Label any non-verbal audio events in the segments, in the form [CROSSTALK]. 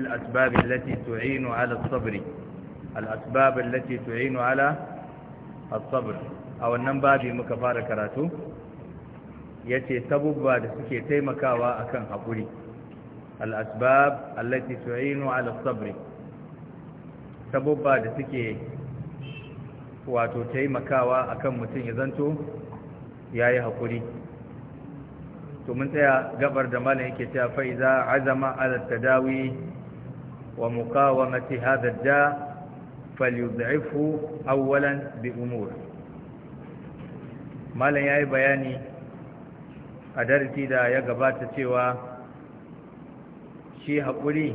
الأسباب التي تعين على الصبر الأسباب التي تعين على الصبر أو النمباب مكفار كراتو يتي سبب بعد سكي تيمكا وأكن حقولي الأسباب التي تعين على الصبر سبب بعد سكي wato taimakawa akan mutum ya zanto yayi hakuri to mun tsaya gabar da malam yake cewa fa iza azama ala tadawi wa ومقاومة هذا الداء فليضعفه أولا بأمور ما لن يأي بياني da ya gabata cewa shi حقولي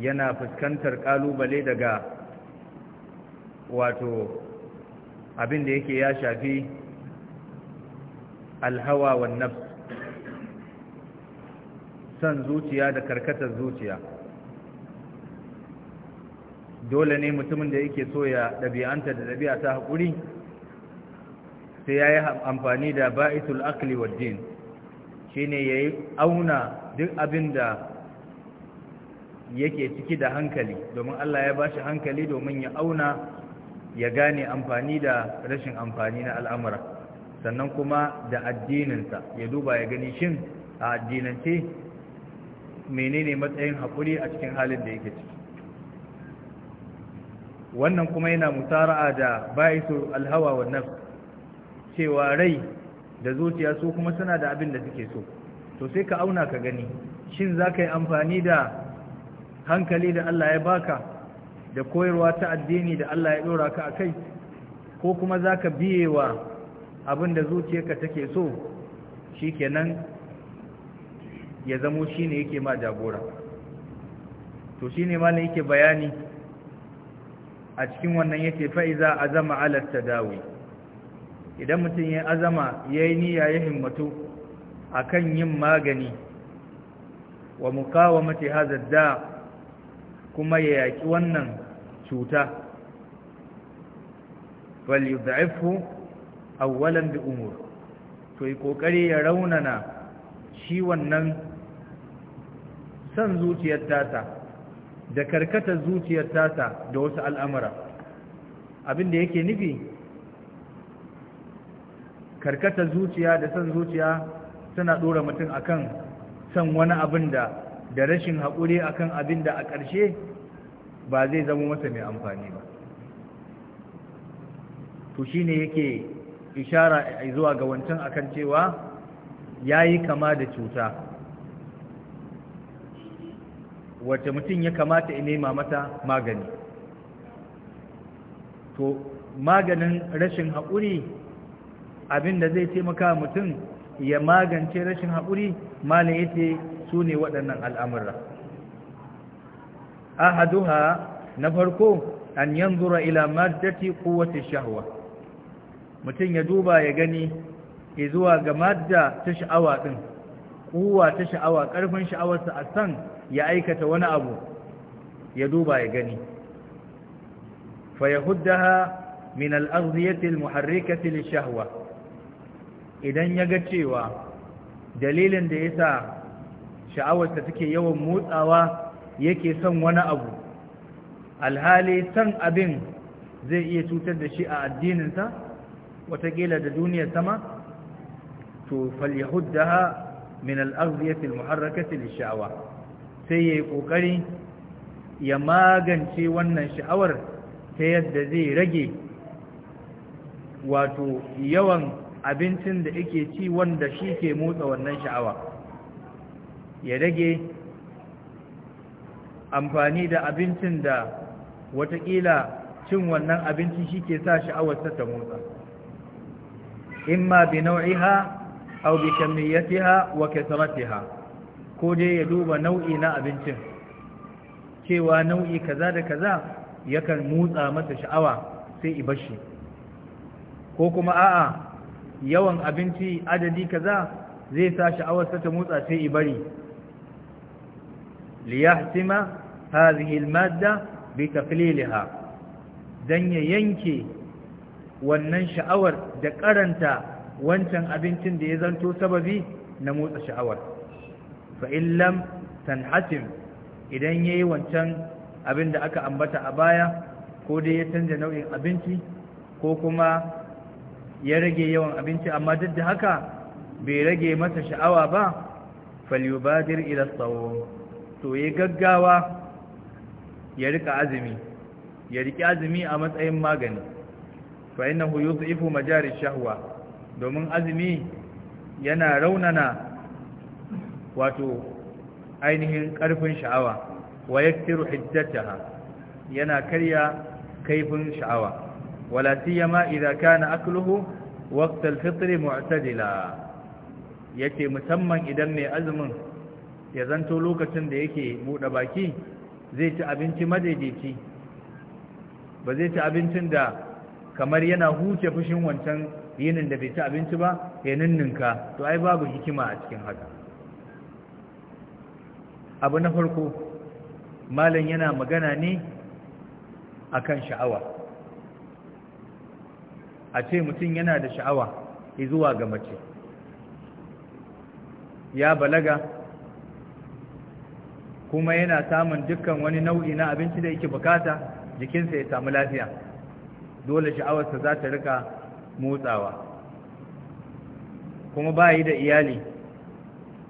yana fuskantar kalubale daga wato abinda yake ya shafi alhawa wa nafs zuciya da karkatar zuciya dole ne mutumin da yake so ya ɗabi'anta da ɗabi'a ta haƙuri sai ya yi amfani da ba'itul akli wa jin. shi ne ya yi auna duk abin da yake ciki da hankali domin Allah ya ba shi hankali domin ya auna ya gane amfani da rashin amfani na al'amura sannan kuma da addininsa ya duba ya gani shin a addinance menene matsayin haƙuri a cikin halin da yake ciki wannan kuma yana musara'a da ba'isu alhawa wa naf cewa rai da zuciya su kuma suna da abin da suke so to sai ka auna ka gani shin za ka yi amfani da hankali da Allah ya baka da koyarwa ta addini da Allah ya ɗora ka a kai ko kuma za ka biye wa abin da zuciyarka take so shi kenan ya zamo shi ne yake ma jagora to shi ne ma yake bayani a cikin wannan yake fa'iza azama ala tadawi idan mutum ya azama ya yi niyya ya himmatu akan yin magani wa mukawamati hadha da kuma ya yaki wannan cuta wal yud'ifhu awwalan bi umur to yi kokari ya raunana shi wannan son zuciyar tasa da karkatar zuciyar tasa da wasu al'amura abin da yake nufi karkatar zuciya da san zuciya suna ɗora mutum akan san wani abin da da rashin haƙuri akan abin da a ƙarshe ba zai zama masa mai amfani ba to shine yake ishara zuwa ga wancan akan cewa yayi kama da cuta wacce mutum ya kamata in nema mata magani to maganin rashin haƙuri abinda zai taimaka mutum ya magance rashin haƙuri malin ce su ne waɗannan al'amurra ahaduha na farko an yanzura ila maddati kowace shahwa mutum ya duba ya gani zuwa ga madda ta sha'awa ɗin kuwa ta sha'awa ƙarfin sha'awarsa a san ya aikata wani abu ya duba ya gani fa yahuddaha min al-aghdiyati al-muharrikati lish-shahwa idan yaga cewa dalilin da yasa sha'awarsa take yawan motsawa yake son wani abu alhali san abin zai iya cutar da shi a addininsa watakila da duniyar sama to falyahuddaha min al'arziyyatil muharrakati sha'awa, sai yayi kokari ya magance wannan sha'awar ta yadda zai rage wato yawan abincin da yake ci wanda shi ke motsa wannan sha'awa ya rage amfani da abincin da watakila cin wannan abinci shi ke sa sha'awarsa ta motsa imma bi nau'iha aw bi kamiyatiha wa kasratiha ko dai ya duba nau'i na abincin cewa nau'i kaza da kaza yakan motsa masa sha'awa sai ibashi ko kuma a'a yawan abinci adadi kaza zai sa sha'awar ta motsa sai li yahtima hadhihi almadda bi taqliliha dan ya yanke wannan sha'awar da karanta wancan abincin da ya zanto sababi na motsa sha'awar fa illam tanhatim idan yayi wancan abin da aka ambata a baya ko dai ya canja nau'in abinci ko kuma ya rage yawan abinci amma duk da haka bai rage masa sha'awa ba falyubadir ila sawm to yayi gaggawa ya rika azumi ya riki azumi a matsayin magani fa innahu yudhifu majari shahwa domin azumi yana raunana wato ainihin ƙarfin sha'awa wa ya tiru yana karya kaifin sha'awa wala ma idza kana akluhu waqt al mu'tadila yake musamman idan mai azumin ya zanto lokacin da yake buɗe baki zai ci abinci madaidaici ba zai ci abincin da kamar yana huce fushin wancan yinin da bai ci abinci ba ya ninninka to ai babu hikima a cikin haka abu na farko malam yana magana ne kan sha'awa a ce mutum yana da sha'awa zuwa ga mace ya balaga kuma yana samun dukkan wani nau'i na abinci da yake bukata jikinsa ya samu lafiya dole sha'awarsa za ta rika motsawa kuma ba yi da iyali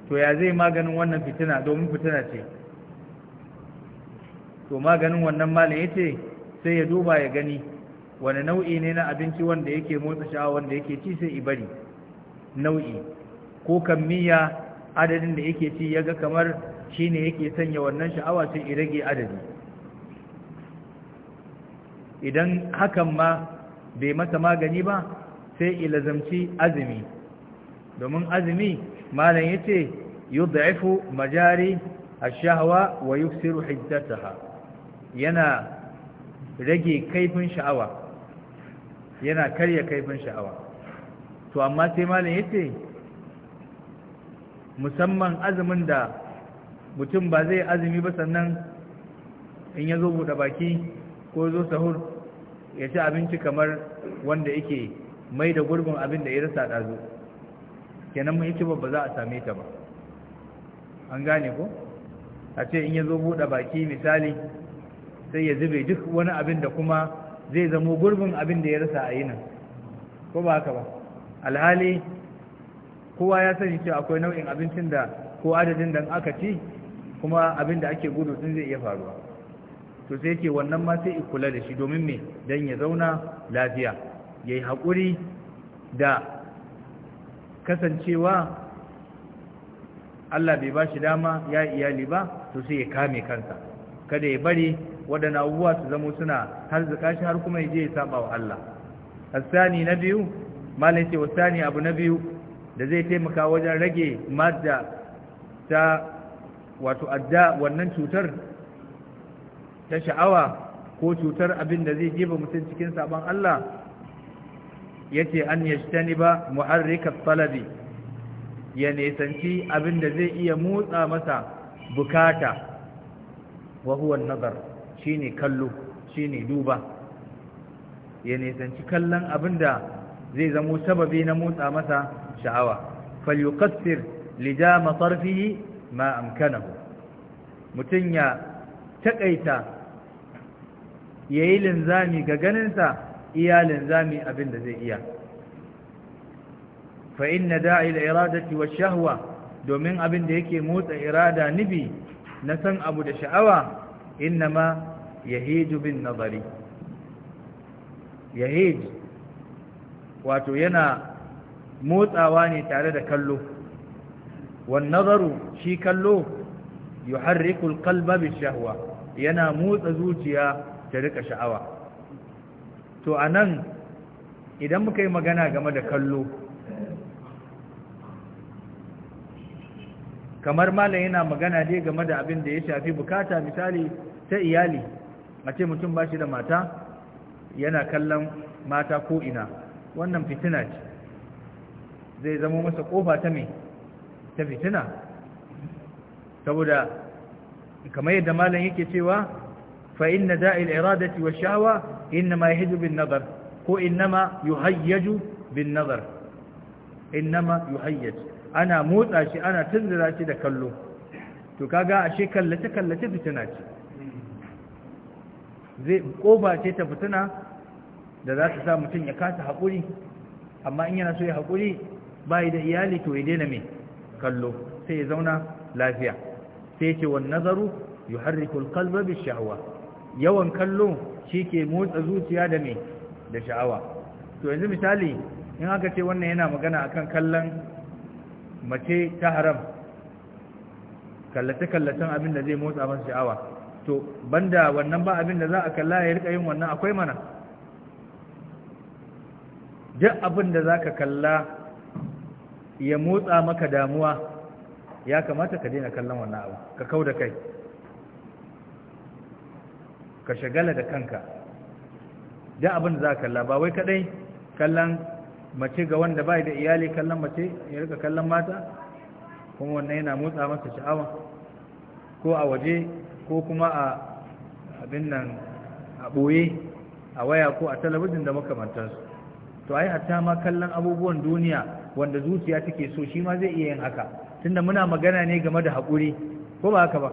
to ya zai maganin wannan fitina domin fitina ce to maganin wannan malin ya ce sai ya duba ya gani wani nau'i ne na abinci wanda yake motsa sha'awa wanda yake ci sai ibari nau'i ko kammiya adadin da yake ci ya ga kamar shi ne yake sanya wannan sha'awa sai irage adadi idan hakan ma bai masa magani ba sai ilazamci azumi domin azumi malam yace yud'ifu majari a shahwa wa yuksiru hiddataha yana rage kaifin sha'awa yana karya kaifin sha'awa to amma sai malam yace musamman azumin da mutum ba zai azumi ba sannan in ya zo buɗe baki ko zo sahur ya ci abinci kamar wanda yake mai da gurbin abin da ya rasa ɗazu kenan mun yi ba za a same ta ba an gane ko a ce in ya zo buɗe baki misali sai ya zube duk wani abin da kuma zai zamo gurbin abin da ya rasa a yinin ko ba haka ba alhali kowa ya sani cewa akwai nau'in abincin da ko adadin da aka ci kuma abin da ake gudu din zai iya faruwa to sai ce wannan ma sai kula da shi domin me dan ya zauna lafiya yayi hakuri da kasancewa Allah bai bashi dama ya iyali ba to sai ya kame kansa kada ya bari waɗannan abubuwa su zama suna har shi har kuma ya je ya saba wa Allah asani na biyu malai ce wasani abu na biyu da zai taimaka wajen rage madda ta wato adda wannan cutar ta sha'awa ko cutar abin da zai jiba mutum cikin sabon Allah yace an yashtani ba muharrika talabi ya nisanci abin da zai iya motsa masa bukata wa huwa nazar shine kallo shine duba ya nisanci kallon abin da zai zamo sababi na motsa masa sha'awa falyuqassir lijama tarfihi ma amkanahu mutun ya taƙaita ya yi linzami ga ganinsa iya linzami abin da zai iya fa'in na da iradati wa shahwa domin abin da yake motsa irada nibi na san abu da sha'awa innama yahiju bin nazari yahij wato yana motsawa ne tare da kallo wan nazaru shi kallo kalba alqalba shahwa? yana motsa zuciya ta rika sha'awa to a nan idan muka yi magana game da kallo kamar malam yana magana dai game da abin da ya shafi bukata misali ta iyali a ce mutum ba shi da mata yana kallon mata ko ina wannan fitina ce zai zama masa kofa ta mai ta fitina saboda kamar yadda malam yake cewa fa inna da'il iradati wa shahwa inma yahdu bin nazar ko inma yuhayyaju bin nazar inma yuhayyaj ana motsa shi ana tunzura shi da kallo to kaga ashe kallace kallace fitina ce zai koba ce ta fituna da za ta sa mutum ya kasa haƙuri amma in yana so ya haƙuri bayi da iyali to ya daina mai kallo sai ya zauna lafiya sai ce wani nazaru yuharriku alqalba bishahwa yawan kallo ke motsa zuciya da me da sha'awa to yanzu misali in aka ce wannan yana magana akan kallon mace ta haram kallace kallacen abin da zai motsa masa sha'awa to banda wannan ba abin da za a kalla ya rika yin wannan akwai mana duk abin da za ka kalla ya motsa maka damuwa ya kamata ka daina kallon wannan abu ka kau da kai ka shagala da kanka da abin za ka kalla ba wai kadai kallon mace ga wanda bai da iyali kallon mace ya rika kallon mata kuma wannan yana motsa masa sha'awa ko a waje ko kuma a abin nan a ɓoye a waya ko a talabijin da makamantarsu to ai hatta ma kallon abubuwan duniya wanda zuciya take so shi ma zai iya yin haka tunda muna magana ne game da haƙuri ko ba haka ba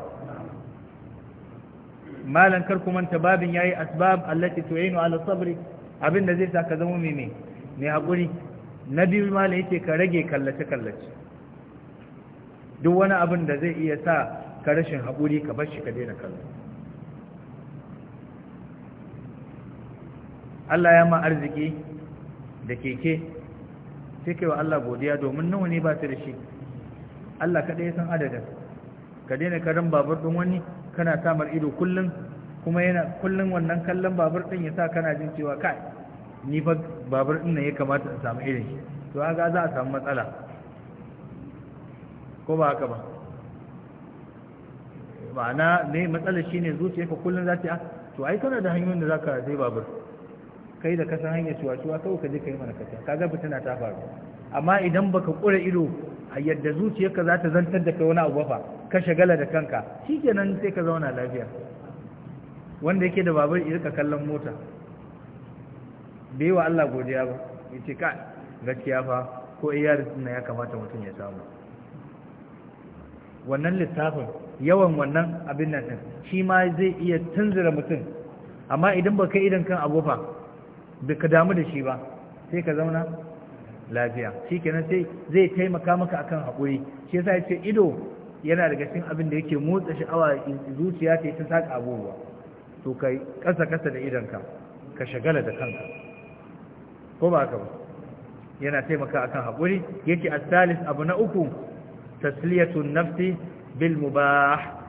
malan karku kuma ta babin yayi asbab allati tu'inu ala sabri abin da zai sa ka zama mai mai haƙuri na biyu malan yake ka rage kallace kallace duk wani abin da zai iya sa ka rashin haƙuri ka bar shi ka daina kallo Allah ya ma arziki da keke sai kai wa Allah godiya domin nawa ne ba ta da shi Allah kaɗai ya san adadin ka daina karan babur ɗin wani kana samar ido kullum kuma yana kullum wannan kallon babur ɗin ya sa kana jin cewa kai ni fa babur ɗin ne ya kamata in samu irin shi to ga za a samu matsala ko ba haka ba ma'ana ne matsalar zuciya zuciyarka kullum za ta a ah, to ai kana da hanyoyin da za ka sai babur kai da kasan hanyar cewa cewa kawai ka je ka yi mana kasa kaga fitina ta faru amma idan baka kura ido a yadda zuciyarka za ta zantar da kai wani abu ba ka shagala da kanka shi nan sai ka zauna lafiya wanda yake da babur irka kallon mota bai wa Allah godiya ba ya ce ka gaskiya fa ko ARS na ya kamata mutum ya samu wannan littafin yawan wannan abin nan din shi ma zai iya tunzura mutum amma idan baka idan kan abu baka damu da shi ba sai ka zauna lafiya kenan sai zai taimaka maka akan haƙuri shi yasa ya ce ido yana daga cikin abin da yake motsa sha'awa zuciya ta yi ta abubuwa to kai ƙasa ƙasa da idonka ka shagala da kanka ko ba ka ba yana taimaka akan haƙuri yake salis abu na uku tasliyatun nafsi bil mubah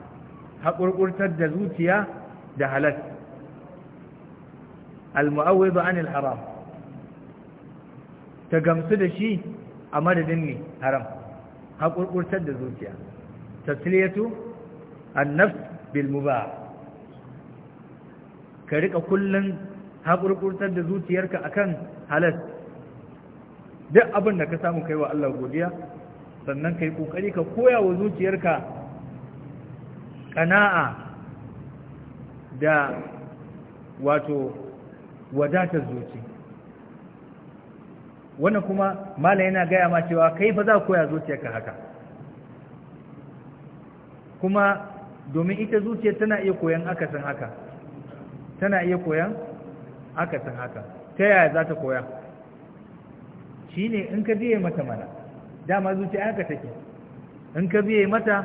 haƙurƙurtar da zuciya da halas al mu'awwidu anil haram ta gamsu da shi a madadin ne haram haƙurƙurtar da zuciya tasliyatu annafs bil mubah ka riƙa kullun haƙurƙurtar da zuciyarka akan halal duk abin da ka samu kai wa Allah godiya sannan kai ƙoƙari ka koya wa zuciyarka ƙana'a da wato wadatar zuciya wannan kuma malam yana gaya ma cewa kai fa za koya ka haka kuma domin ita zuciya tana iya koyan akasin haka tana iya koyan akasin haka ta yaya za ta koya Shi ne in ka biye mata mana dama zuciya haka take in ka biye mata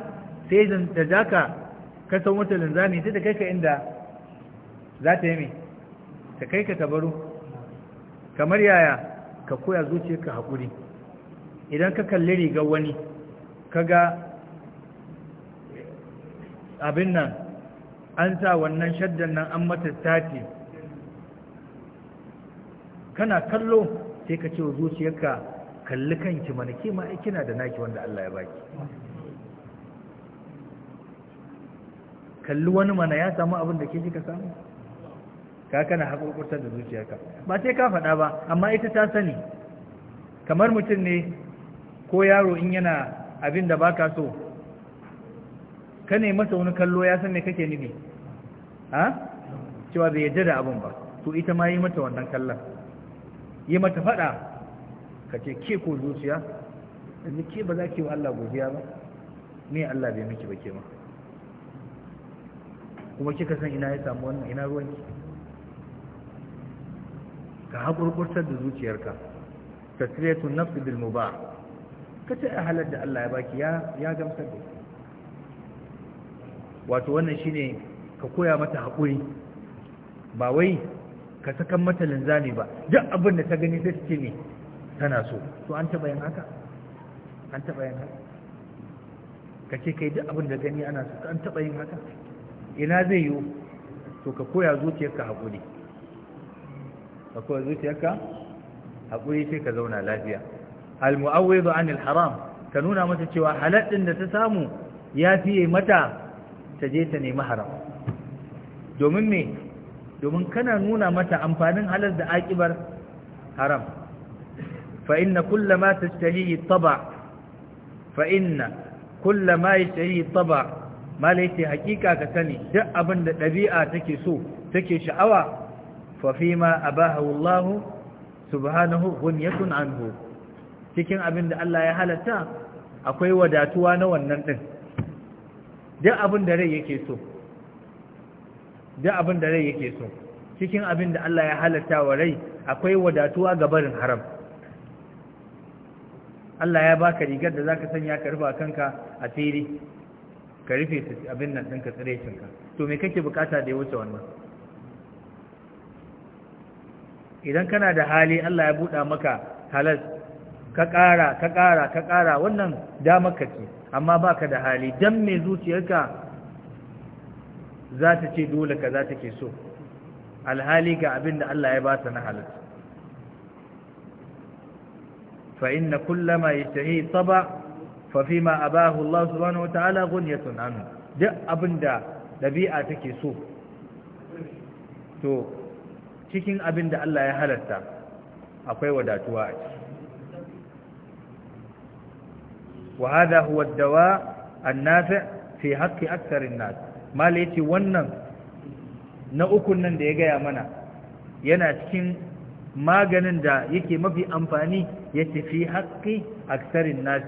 sai da za ka kasan mata linzami ta da kai ka inda za ta yi mai ta kai ka tabaru kamar yaya ka koya zuciyarka hakuri, idan ka kalli riga wani kaga abin nan an sa wannan shaddan nan an mata tati kana kallo sai ka ce wa zuciyarka kalli kanki mana ke ma kina da naki wanda Allah ya baki kalli wani mana ya samu abin da ke ka samu ka kana haƙurƙurtar da zuciyarka ba sai ka faɗa ba amma ita ta sani kamar mutum ne ko yaro in yana abin da baka so ka ne masa wani kallo ya san me kake nufi ha cewa bai yarda da abin ba to ita ma yi mata wannan kallon yi mata faɗa ka ce ke ko zuciya yanzu ke ba za ki wa Allah godiya ba me Allah bai miki ba ke ma kuma kika san ina ya samu wannan ina ruwanki ka haƙurƙurtar da zuciyarka ta tasriyatun nafsi bil mubah kace a halar da Allah ya baki ya gamsar da wato wannan shi ne ka koya mata haƙuri ba wai ka sakan mata linzami ba duk abin da ta gani sai ce ne tana so to an taɓa yin haka an taɓa yin haka ka ce kai duk abin da gani ana so an taɓa yin haka ina zai yiwu to ka koya zuciyarka haƙuri Akwai zuciyarka haƙuri sai ka zauna lafiya almu'awwidu anil haram ka nuna mata cewa halal din da ta samu ya fiye mata ta je ta nemi haram domin me domin kana nuna mata amfanin halal da akibar haram fa inna kullama tashtahihi taba fa inna kullama yashtahihi taba malai hakika ka sani duk abin da ɗabi'a take so take sha'awa ففيما أباهه الله سبحانه غنية عنه cikin abin da Allah ya halatta akwai wadatuwa na wannan din duk abin da rai yake so duk abin da rai yake so cikin abin da Allah ya halatta wa rai akwai wadatuwa ga barin haram Allah ya baka rigar da zaka sanya ka rufa kanka a asiri ka rufe abin nan ɗinka shinka. to me kake bukata da ya wuce wannan idan kana da hali Allah ya buɗa maka halas ka ƙara ka ƙara ka ƙara wannan damar ka ce amma baka da hali dan mai zuciyarka za ta ce dole ka za ta ke so alhali ga abin da Allah ya ba ta na halas fa inna kullama yashtahi taba fa fima abahu Allah subhanahu wa ta'ala ghunyatun anhu duk abinda da dabi'a take so to cikin abin da Allah ya halarta, akwai wadatuwa a ciki wa hada huwa dawa annafi fi haqqi aktharin nas mala wannan na ukun nan da ya gaya mana yana cikin maganin da yake mafi amfani yace fi haqqi aktharin nas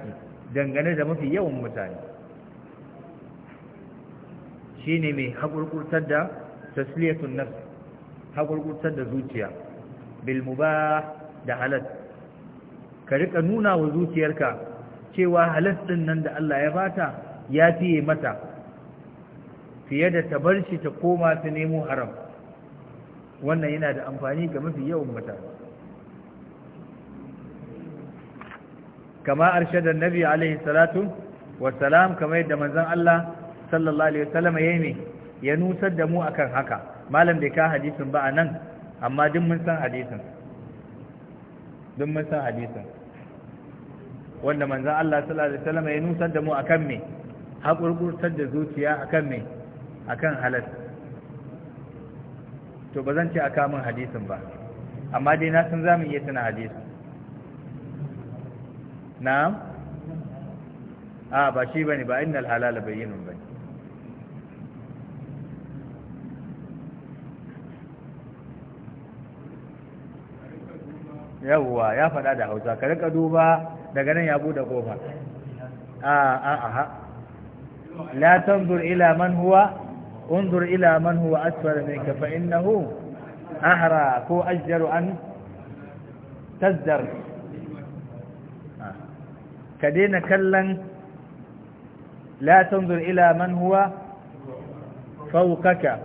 dangane da mafi yawan mutane shine mai hakurkurtar da tasliyatun nafsi hagurgurtar da zuciya bil mubah da halal ka rika nuna wa zuciyarka cewa halal din nan da Allah ya bata ya fiye mata fiye da ta bar shi ta koma ta nemo haram wannan yana da amfani ga mafi yawan mata. kama arshadar nabi alaihi salatu wasalam kamar yadda manzon Allah sallallahu alaihi wasallam ya yi ya nusar da mu akan haka malam bai ka hadisin ba a nan amma duk mun san hadisin duk mun san hadisin wanda manzan Allah sallallahu alaihi wasallam ya nusar da mu akan me haƙurƙurtar da zuciya akan me akan halal to ba zan ce aka mun hadisin ba amma dai na san zamu iya tana hadisin na'am a ba shi bane ba innal halala bayyinun yawwa ya faɗa da hausa ka rika duba daga nan ya bude kofa a a aha la tanzur ila man huwa unzur ila man huwa asfal minka fa innahu ahra ko ajdaru an tazdar ka daina kallon la tanzur ila man huwa fawqaka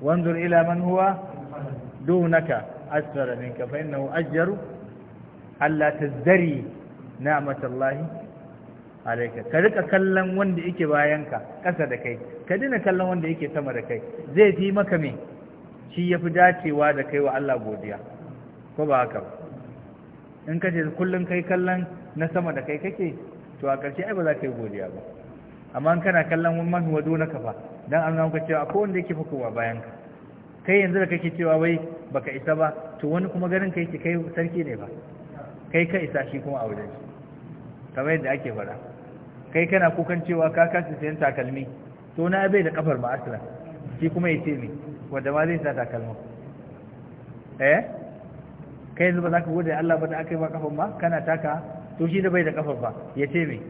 wanzur ila man huwa dunaka asfara minka fa innahu ajjaru alla tazdari ni'matallahi alayka ka rika kallon wanda yake bayanka ƙasa da kai ka dina kallon wanda yake sama da kai zai fi maka me shi yafi dacewa da kai wa Allah godiya ko ba haka in ka ce kullum kai kallon na sama da kai kake to a ƙarshe ai ba za ka yi godiya ba amma kana kallon wani mahuwa dole ka fa dan an zama ka cewa akwai wanda yake fukowa bayan ka kai yanzu da kake cewa wai baka isa ba to wani kuma garin kai ki kai sarki ne ba kai ka isa shi kuma a wajen shi kamar yadda ake fara kai kana kukan cewa ka kasa sayan takalmi to na bai da kafar ma asira shi kuma ya ce ne wanda ma zai sa takalma eh kai yanzu ba za ka gode Allah ba da aka yi ba kafar ma kana taka to shi da bai da kafar ba ya ce me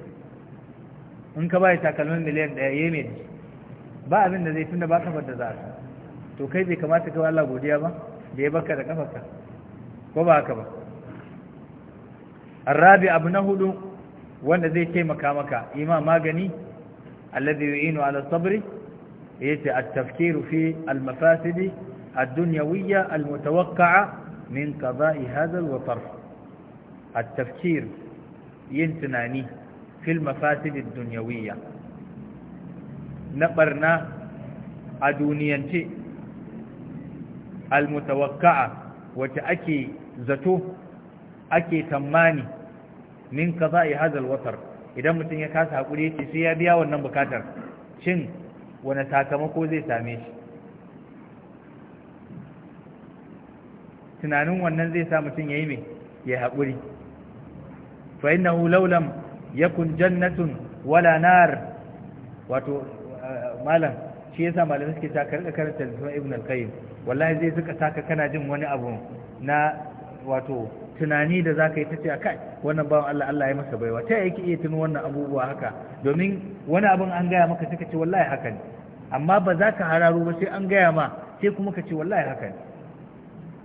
in ka bai takalmin miliyan ɗaya ya yi mai ba abin da zai tunda ba kafar da za a to kai bai kamata kai Allah godiya ba da ya baka da kafarka ko ba haka ba arabi abu na hudu wanda zai taimaka maka ima magani alladhi yu'inu ala sabri yace at-tafkiru fi al-mafasid ad-dunyawiyya al-mutawaqqa'a min qada'i hadha al-watar at-tafkir yin tunani في المفاسد na barna أدونيا شيء almutawakka'a wata ake zato ake tammani min kaza'i hadal watar idan mutum ya kasa hakuri yace sai ya biya wannan bukatar shin wani sakamako zai same shi tunanin wannan zai sa mutum yayi me ya hakuri fa innahu laulam yakun jannatun wala nar wato malam shi yasa malamai suke ta rika karanta littafin ibn al-qayyim wallahi zai suka saka kana jin wani abu na wato tunani da zaka yi tace kai wannan bawan Allah Allah ya masa baiwa ta yake iya tuno wannan abubuwa haka domin wani abun an gaya maka sai ka ce wallahi haka ne amma ba za ka hararo ba sai an gaya ma sai kuma ka ce wallahi haka ne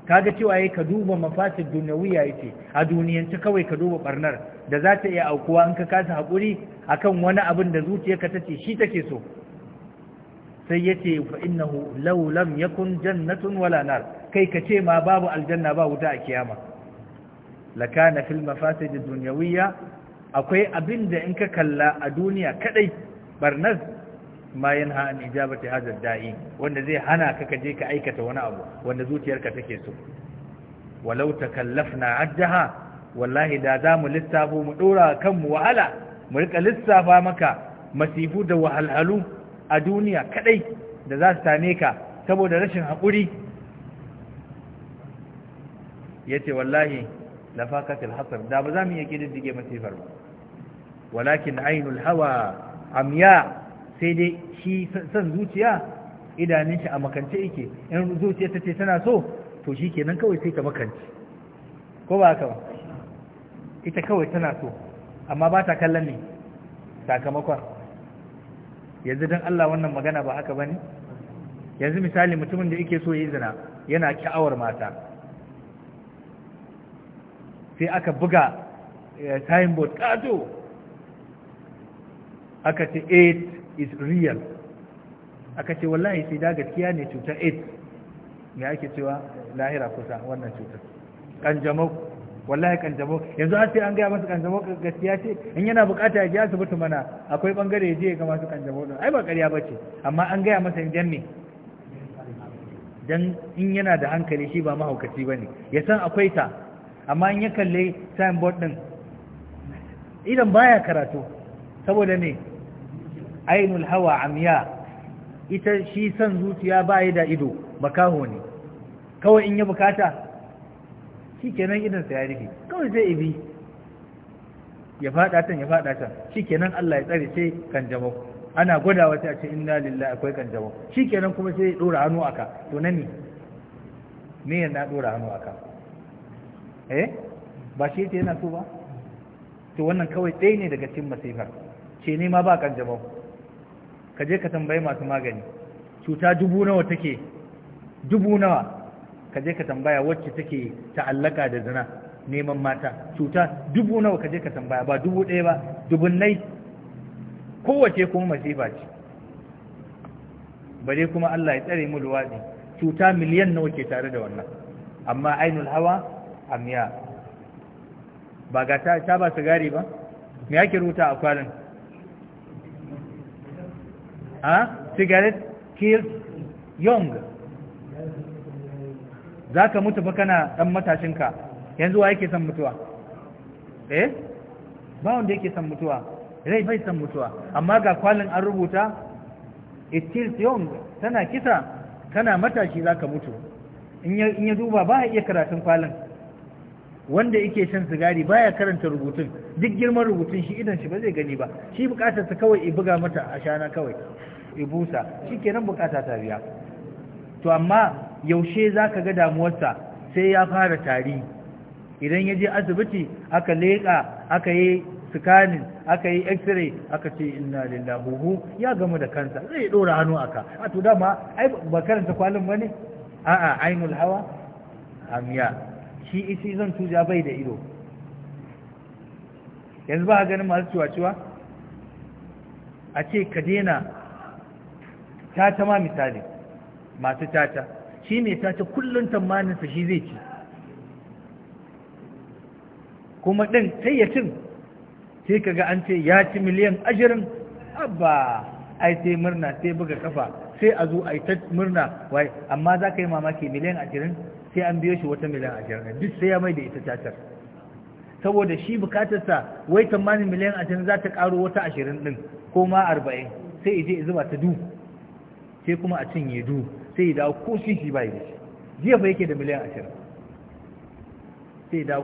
kaga cewa yayi ka duba mafatin dunyawiya yake a ta kawai ka duba barnar da za ta iya aukuwa in ka kasa hakuri akan wani abin da zuciyarka tace shi take so sai yace fa innahu law ya yakun jannatun wala kai kai kace ma babu aljanna ba wuta a kiyama lakana fil mafasid dunyawiyya akwai abin da in ka kalla a duniya kadai barnas mayan yanha ijabata ijabati da'i wanda zai hana ka kaje ka aikata wani abu wanda zuciyarka take so walau takallafna addaha wallahi da za mu lissafo mu dora kanmu wahala mu rika lissafa maka masifu da wahalhalu a duniya kadai da za su same ka saboda rashin haƙuri ya ce wallahi lafakatul hasar da ba za mu iya ƙididdige masifar ba walakin ainul hawa amya sai dai shi san zuciya idanun shi a makance yake in zuciya ta ce tana so to shi kenan kawai sai ta makance ko ba haka ba ita kawai tana so amma ba ta kallon ne sakamakon yanzu don Allah wannan magana ba haka ba ne? yanzu misali mutumin da yake so yi zina yana kyawar mata sai aka buga eh, signboard kato aka ce 8 is real aka ce wallahi sai da gaskiya ne cutar 8 me ake cewa lahira kusa wannan cutar kanjamau wallahi kanjabo yanzu har sai an gaya masa kanjabo gaskiya ce in yana bukata ya je asibiti mana akwai bangare ya je ga masu kanjabo don ai ba ƙarya bace amma an gaya masa in janne dan in yana da hankali shi ba mahaukaci bane ya san akwai ta amma in ya kalle signboard din idan baya karatu saboda ne ainul hawa amya ita shi san zuciya ba da ido makaho ne kawai in ya bukata shi kenan sa ya rufe kawai sai ibi ya fada can ya fada can shi kenan Allah ya tsare ce kan ana gwada wata a ce inna lillahi akwai kan jabo shi kenan kuma sai ya dora hannu aka to na ne me na dora hannu aka eh ba shi yake yana so ba to wannan kawai ɗaya ne daga cikin masifar ce ne ma ba kan jabo ka je ka tambayi masu magani cuta dubu nawa take dubu nawa ka je ka tambaya wacce take ta'allaka da zina neman mata cuta dubu nawa ka je ka tambaya ba dubu ɗaya ba dubunnai kowace kuma masifa ce bare kuma Allah ya tsare mu luwaɗi cuta miliyan nawa ke tare da wannan amma ainul hawa amiya ba ga ta, ta ba sigari ba me yake ruta a kwarin Ha? Ah, cigarette kills young za ka mutu fa kana ɗan matashinka yanzu wa yake son mutuwa eh ba wanda yake son mutuwa rai bai son mutuwa amma ga kwalin an rubuta Itil kills tana kisa kana matashi za ka mutu in ya duba ba iya karatun kwalin wanda yake shan sigari baya karanta rubutun duk girman rubutun shi idan shi ba zai gani ba shi bukatar ta kawai i buga mata a shana kawai i busa kenan bukata ta biya to amma yaushe za ka ga damuwarsa sai ya fara tari idan ya je asibiti aka leƙa aka yi sikanin aka yi x-ray aka ce inna lillahuhu ya gama da kansa zai ɗora hannu aka a to dama ai ba karanta kwalin ba ne a'a ainihin hawa amiya shi isi zan tuja bai da ido yanzu ba ganin masu ciwa-ciwa a ce ka dena ta ma misali masu tata shi ne ta ta kullum tammaninsa shi zai ci kuma ɗin tayyacin sai ka ga an ce ya ci miliyan ajirin abba ai sai murna sai buga kafa sai a zo a yi ta murna wai amma za ka yi mamaki miliyan ajirin sai an biyo shi wata miliyan ajirin duk sai ya mai da ita tatar saboda shi bukatarsa wai tamanin miliyan ajirin za ta karo wata ashirin din ko ma arba'in sai ije zuba ta du sai kuma a cinye du sai da ko shi ba yi shi jiya ba yake da miliyan ashirin sai da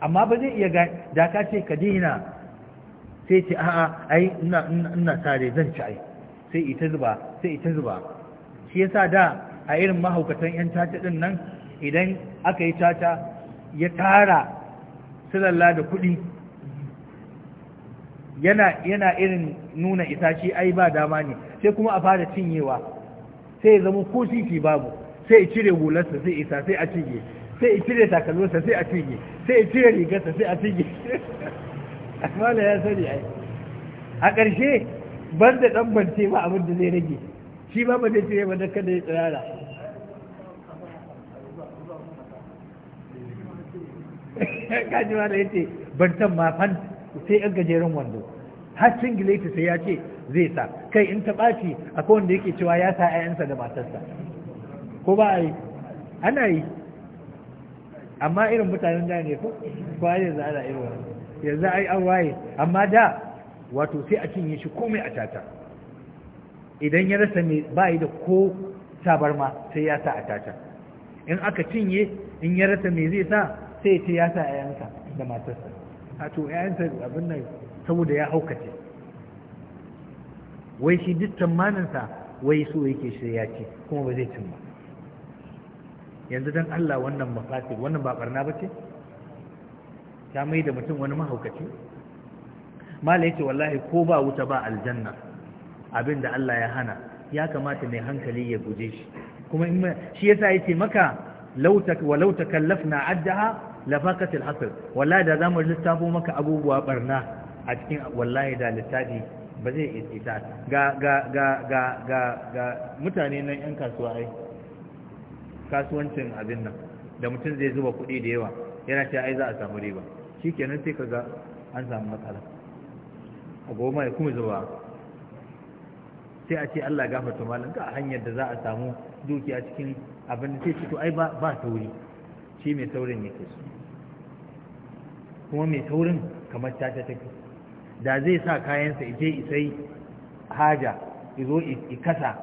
amma ba zai iya da ce ka dina sai ce a'a ai ina tare sare zan ci ai sai ita zuba sai ita zuba shi yasa da a irin mahaukatan yan caca din nan idan aka yi caca ya tara silalla da kuɗi yana yana irin nuna isa shi ai ba dama ne sai kuma a fara cinyewa sai ya zama ko titi babu sai ya cire hularsa sai isa sai a cige sai ya cire takalminsa sai a cige sai ya cire rigarsa sai a cige amma da ya sani ai a ƙarshe ban da ɗan bance ba abin da zai rage shi ba ba zai cire ba da kada ya tsirara [LAUGHS] kaji ma da ya ce bantan ma fan sai yan gajeren wando har singileti sai ya ce zai sa kai in ta ɓaci akwai wanda yake cewa ya sa 'ya'yansa da matarsa ko ba a yi ana yi amma irin mutanen da ne ko a ai yanzu ana irin wani yanzu ai an waye amma da wato sai a cinye shi komai a tata idan ya rasa mai yi da ko tabarma sai ya sa a tata in aka cinye in ya rasa mai zai sa sai ce ya sa a da matarsa a to yayansa abin nan saboda ya haukace wai shi duk tsammaninsa wai so yake shirya ce kuma ba zai yanzu don Allah wannan mafasir wannan ba barna ba ce ta mai da mutum wani mahaukaci mala yace wallahi ko ba wuta ba aljanna abinda Allah ya hana ya kamata mai hankali ya guje shi kuma in shi yasa yace maka law tak walau takallafna addaha lafaqatil hasr wallahi da zamu lissafo maka abubuwa barna a cikin wallahi da littafi ba zai isa ga ga ga ga ga ga mutane nan yan kasuwa ai kasuwancin abin nan da mutum zai zuba kuɗi da yawa yana ce ai za a samu riba kenan sai kaga an samu matsala a goma ya kuma zuba sai a ce Allah gafarta malam ga hanyar da za a samu dukiya cikin abin da sai to ai ba ba tauri shi mai saurin yake so kuma mai saurin kamar ta ta take da zai sa kayansa je isai haja izo ikasa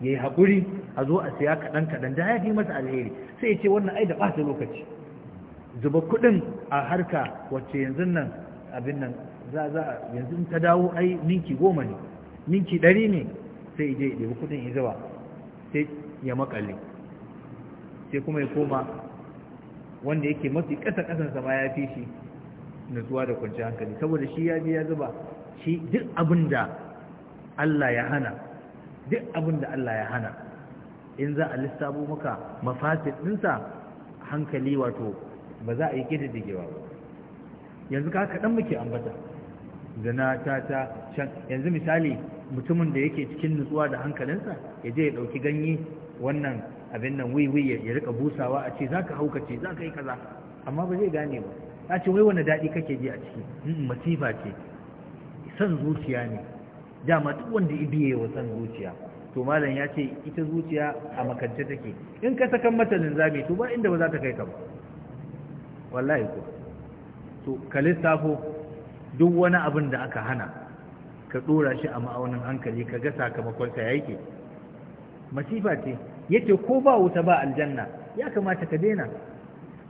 yayi hakuri a zo a siya kaɗan-kaɗan. da ya fi masa alheri sai ya ce wannan ai da ɓata lokaci zuba kuɗin a harka wacce yanzu nan abin nan za za yanzu ta dawo ai ninki goma ne ninki ɗari ne sai ya je ya kuɗin ya zuba sai ya makale sai kuma ya koma wanda yake mafi ƙasa ƙasansa ma ya fi shi nutsuwa da kwanciyar hankali saboda shi ya je ya zuba shi duk abin da Allah ya hana duk abin da Allah ya hana in za a lissafo maka mafasid ɗinsa hankali wato ba za a yi ƙididdigewa ba yanzu ka kaɗan muke ambata zina ta ta can yanzu misali mutumin da yake cikin nutsuwa da hankalinsa ya je ya ɗauki ganye wannan abin nan wiwi ya rika busawa a ce za ka haukace za ka yi kaza amma ba zai gane ba ta ce wai wani daɗi kake ji a ciki mm, mm, masifa ce san zuciya ne dama duk wanda ya wa san zuciya to malam ya ce ita zuciya a makance take in ka sakan mata linzami to ba inda ba za ta kai ka ba wallahi ko to ka lissafo duk wani abin da aka hana ka dora shi a ma'aunin hankali ka ga sakamakon ka yake masifa ce yace ko ba wuta ba aljanna ya kamata ka daina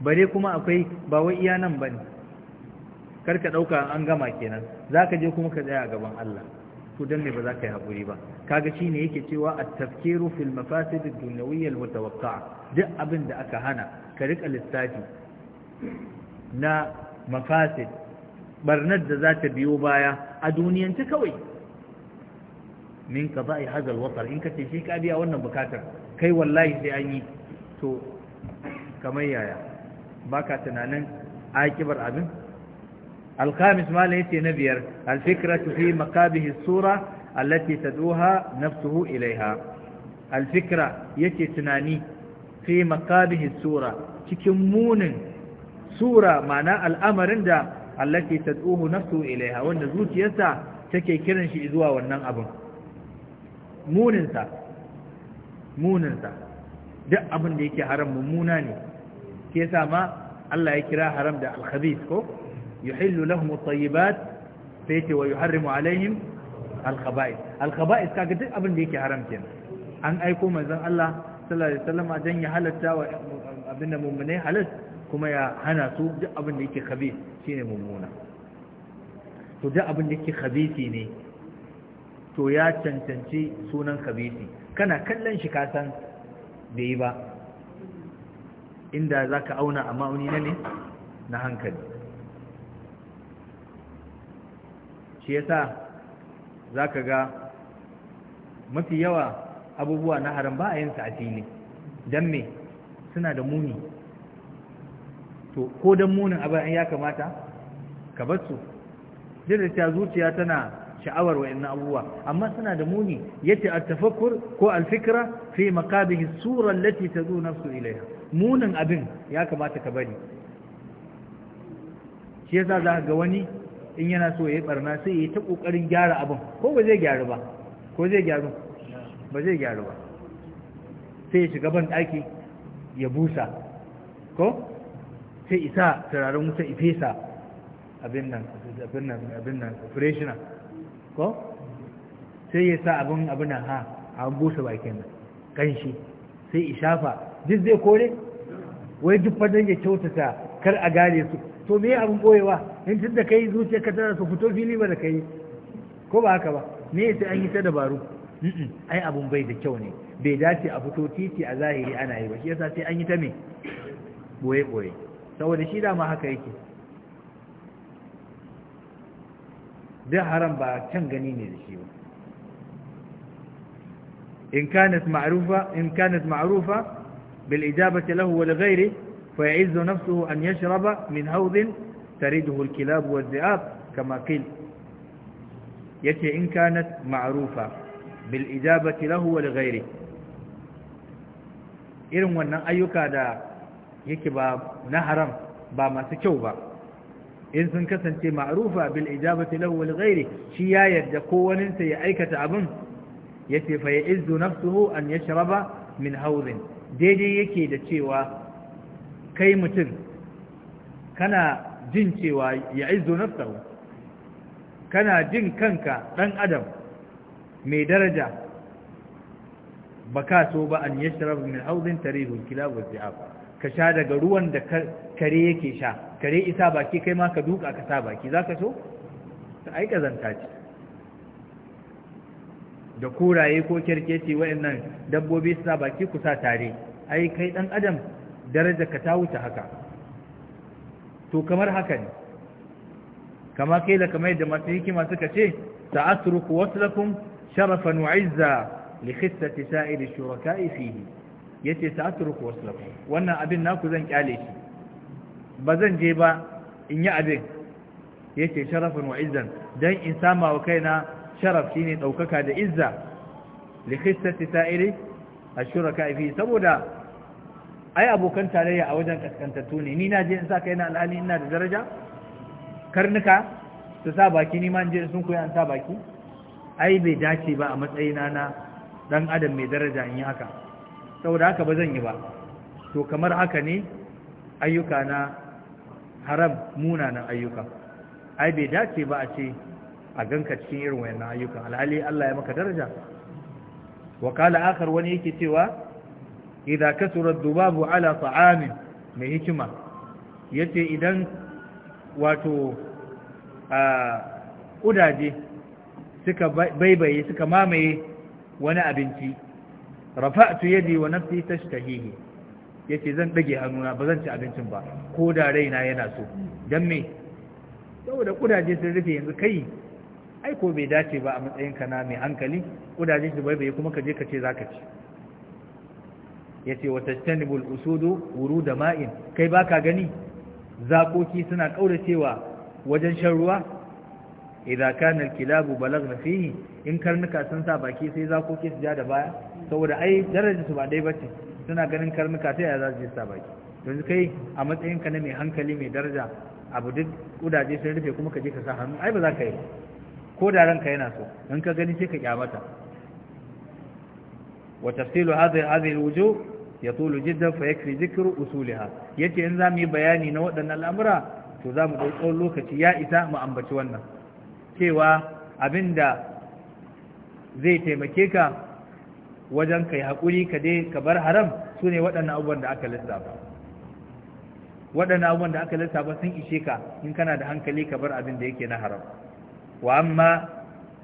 bare kuma akwai ba wai iya nan ba kar karka dauka an gama kenan za ka je kuma ka tsaya a gaban Allah to dan ne ba za ka yi hakuri ba kaga shi shine yake cewa a tafkiru fil mafasid ad-dunyawiyya al-mutawaqqa'a duk abin da aka hana ka rika lissafi na mafasid barnar da za ta biyo baya a duniyance kawai min a yi al-watar in ce shi ka biya wannan bukatar kai wallahi sai an yi to kamar yaya Baka ka tunanin aikibar abin alkamis ma ne na biyar alfikira ta fi makabihin tsura allati ta zuha na suhu ilaiha alfikira yake tunani fi makabihin tsura cikin munin tsura mana al'amarin da allati ta zuhu na suhu ilaiha wanda zuciyarsa take kiran shi zuwa wannan abin muninsa duk abin da yake haram mummuna ne ke sa ma Allah ya kira haram da al-khabith ko yuhillu lahum at-tayyibat sai ce wa yuharrimu alaihim al-khaba'ith al-khaba'ith kaga duk abin da yake haram kenan an aiko manzon Allah sallallahu alaihi wasallam ajan ya halatta wa abinda mummune halal kuma ya hana su duk abin da yake khabith shine mummuna to duk abin da yake khabithi ne to ya cancanci sunan khabisi kana kallon shi kasan bai yi ba inda za ka auna a ma'auni na ne na hankali shi yasa za ka ga mafi yawa abubuwa na haram ba a yin sa a fili don me suna da muni to ko don munin abin ya kamata ka basu jirgin zuciya tana sha'awar wa'in abubuwa amma suna da muni yace at-tafakkur ko al-fikra fi maqabihi sura allati tadu nafsu ilayha munin abin ya kamata ka bari shi yasa za ga wani in yana so ya yi barna sai ya yi ta ƙoƙarin gyara abin ko ba zai gyaru ba ko zai gyaru ba zai gyaru ba sai ya shiga ban ɗaki ya busa ko sai isa turaren wuta ifesa abin nan abin nan abin nan operational ko sai ya sa abin abin ha a busa bakin nan kanshi. sai ishafa duk zai kore wai duk fadon ya kyautata kar a gane su to me abin boyewa in tun da kai zuciya ka tana su fito fili ba da kai ko ba haka ba me sai an yi ta dabaru ai abun bai da kyau ne bai dace a fito titi a zahiri ana yi ba shi yasa sai an yi ta me boye boye saboda shi dama haka yake duk haram ba can gani ne da shi ba إن كانت معروفة إن كانت معروفة بالإجابة له ولغيره فيعز نفسه أن يشرب من هوض تريده الكلاب والذئاب كما قيل يتي إن كانت معروفة بالإجابة له ولغيره إرم أن أيك هذا يكبى نهرم بما تشوبا إن سنكسنتي معروفة بالإجابة له ولغيره شيا يدقوا ننسي أيكة yace fa ya'izzu nafsuhu an yashraba min hawdin daidai yake da cewa kai mutum kana jin cewa ya'izzu nafsuhu kana jin kanka dan adam mai daraja baka so ba an yashraba min hawdin tarihu kilab wa zi'ab ka sha daga ruwan da kare yake sha kare isa baki kai ma ka duka ka sa baki zaka so ta aika zanta ce da kuraye ko kyarkeci wayannan dabbobi suna baki ku sa tare ai kai dan adam daraja ka ta wuce haka to kamar haka ne kama kai da kamar yadda masu hikima suka ce sa'atruku waslakum sharafan wa izza li khissati sa'ir shuraka'i fihi yace sa'atruku waslakum wannan abin naku zan kyale shi ba zan je ba in yi abin yace sharafan wa izzan dan in sama wa kaina sharaf shine ɗaukaka da izza li khissati sa'iri ashuraka fi saboda ai abokan tarayya a wajen kaskantattu ne ni na je in saka ina alhali ina da daraja karnuka su sa baki ni ma in je sun koyi an sa baki ai bai dace ba a matsayina na dan adam mai daraja in yi haka saboda haka ba zan yi ba to kamar haka ne ayyuka na haram munanan ayyuka ai bai dace ba a ce a ganka cikin irin wayannan ayyukan alhali Allah ya maka daraja wa kala akar wani yake cewa idza kasura dubabu ala ta'amin mai hikima yace idan wato a udaje suka baibaye suka mamaye wani abinci rafa'tu yadi wa nafsi tashtahihi yace zan dage hannuna ba ci abincin ba ko da raina yana so dan me saboda kudaje sun rufe yanzu kai aiko bai dace ba a matsayin ka na mai hankali kudaje shi bai bai kuma ka je ka ce ka ci yace wata tastanibul usudu da ma'in kai baka gani zakoki suna kauracewa wajen shan ruwa idza kana alkilabu na fihi in karnuka sun sa baki sai zakoki su ja da baya saboda ai darajar su ba dai bace suna ganin karnuka sai ya za su sa baki yanzu kai a matsayin ka na mai hankali mai daraja abu duk kudaje sun rufe kuma ka je ka sa hannu ai ba za ka yi ko da ranka yana so in ka gani sai ka kyamata wa tafsilu hadhihi hadhihi alwujuh yatulu jiddan fa yakfi dhikru usuliha yace in zamu yi bayani na waɗannan al'amura to zamu dau tsawon lokaci ya isa mu ambaci wannan cewa abinda zai taimake ka wajen kai hakuri ka dai ka bar haram sune wadannan abubuwan da aka lissafa waɗannan abubuwan da aka lissafa sun ishe ka in kana da hankali ka bar abin da yake na haram wa amma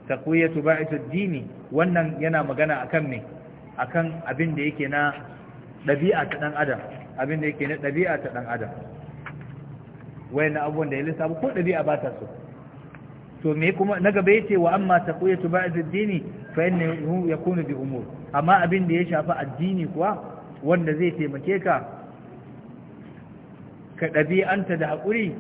taqwiyatu ba'itid dini wannan yana magana akan me akan abin da yake na dabi'a ta dan adam abin da yake na dabi'a ta dan adam wayannan abun da ya lissafa ko dabi'a ba ta so to me kuma na gaba yace wa amma taqwiyatu ba'itid dini fa innahu yakunu bi umur amma abin da ya shafi addini kuwa wanda zai taimake ka ka ɗabi'anta da haƙuri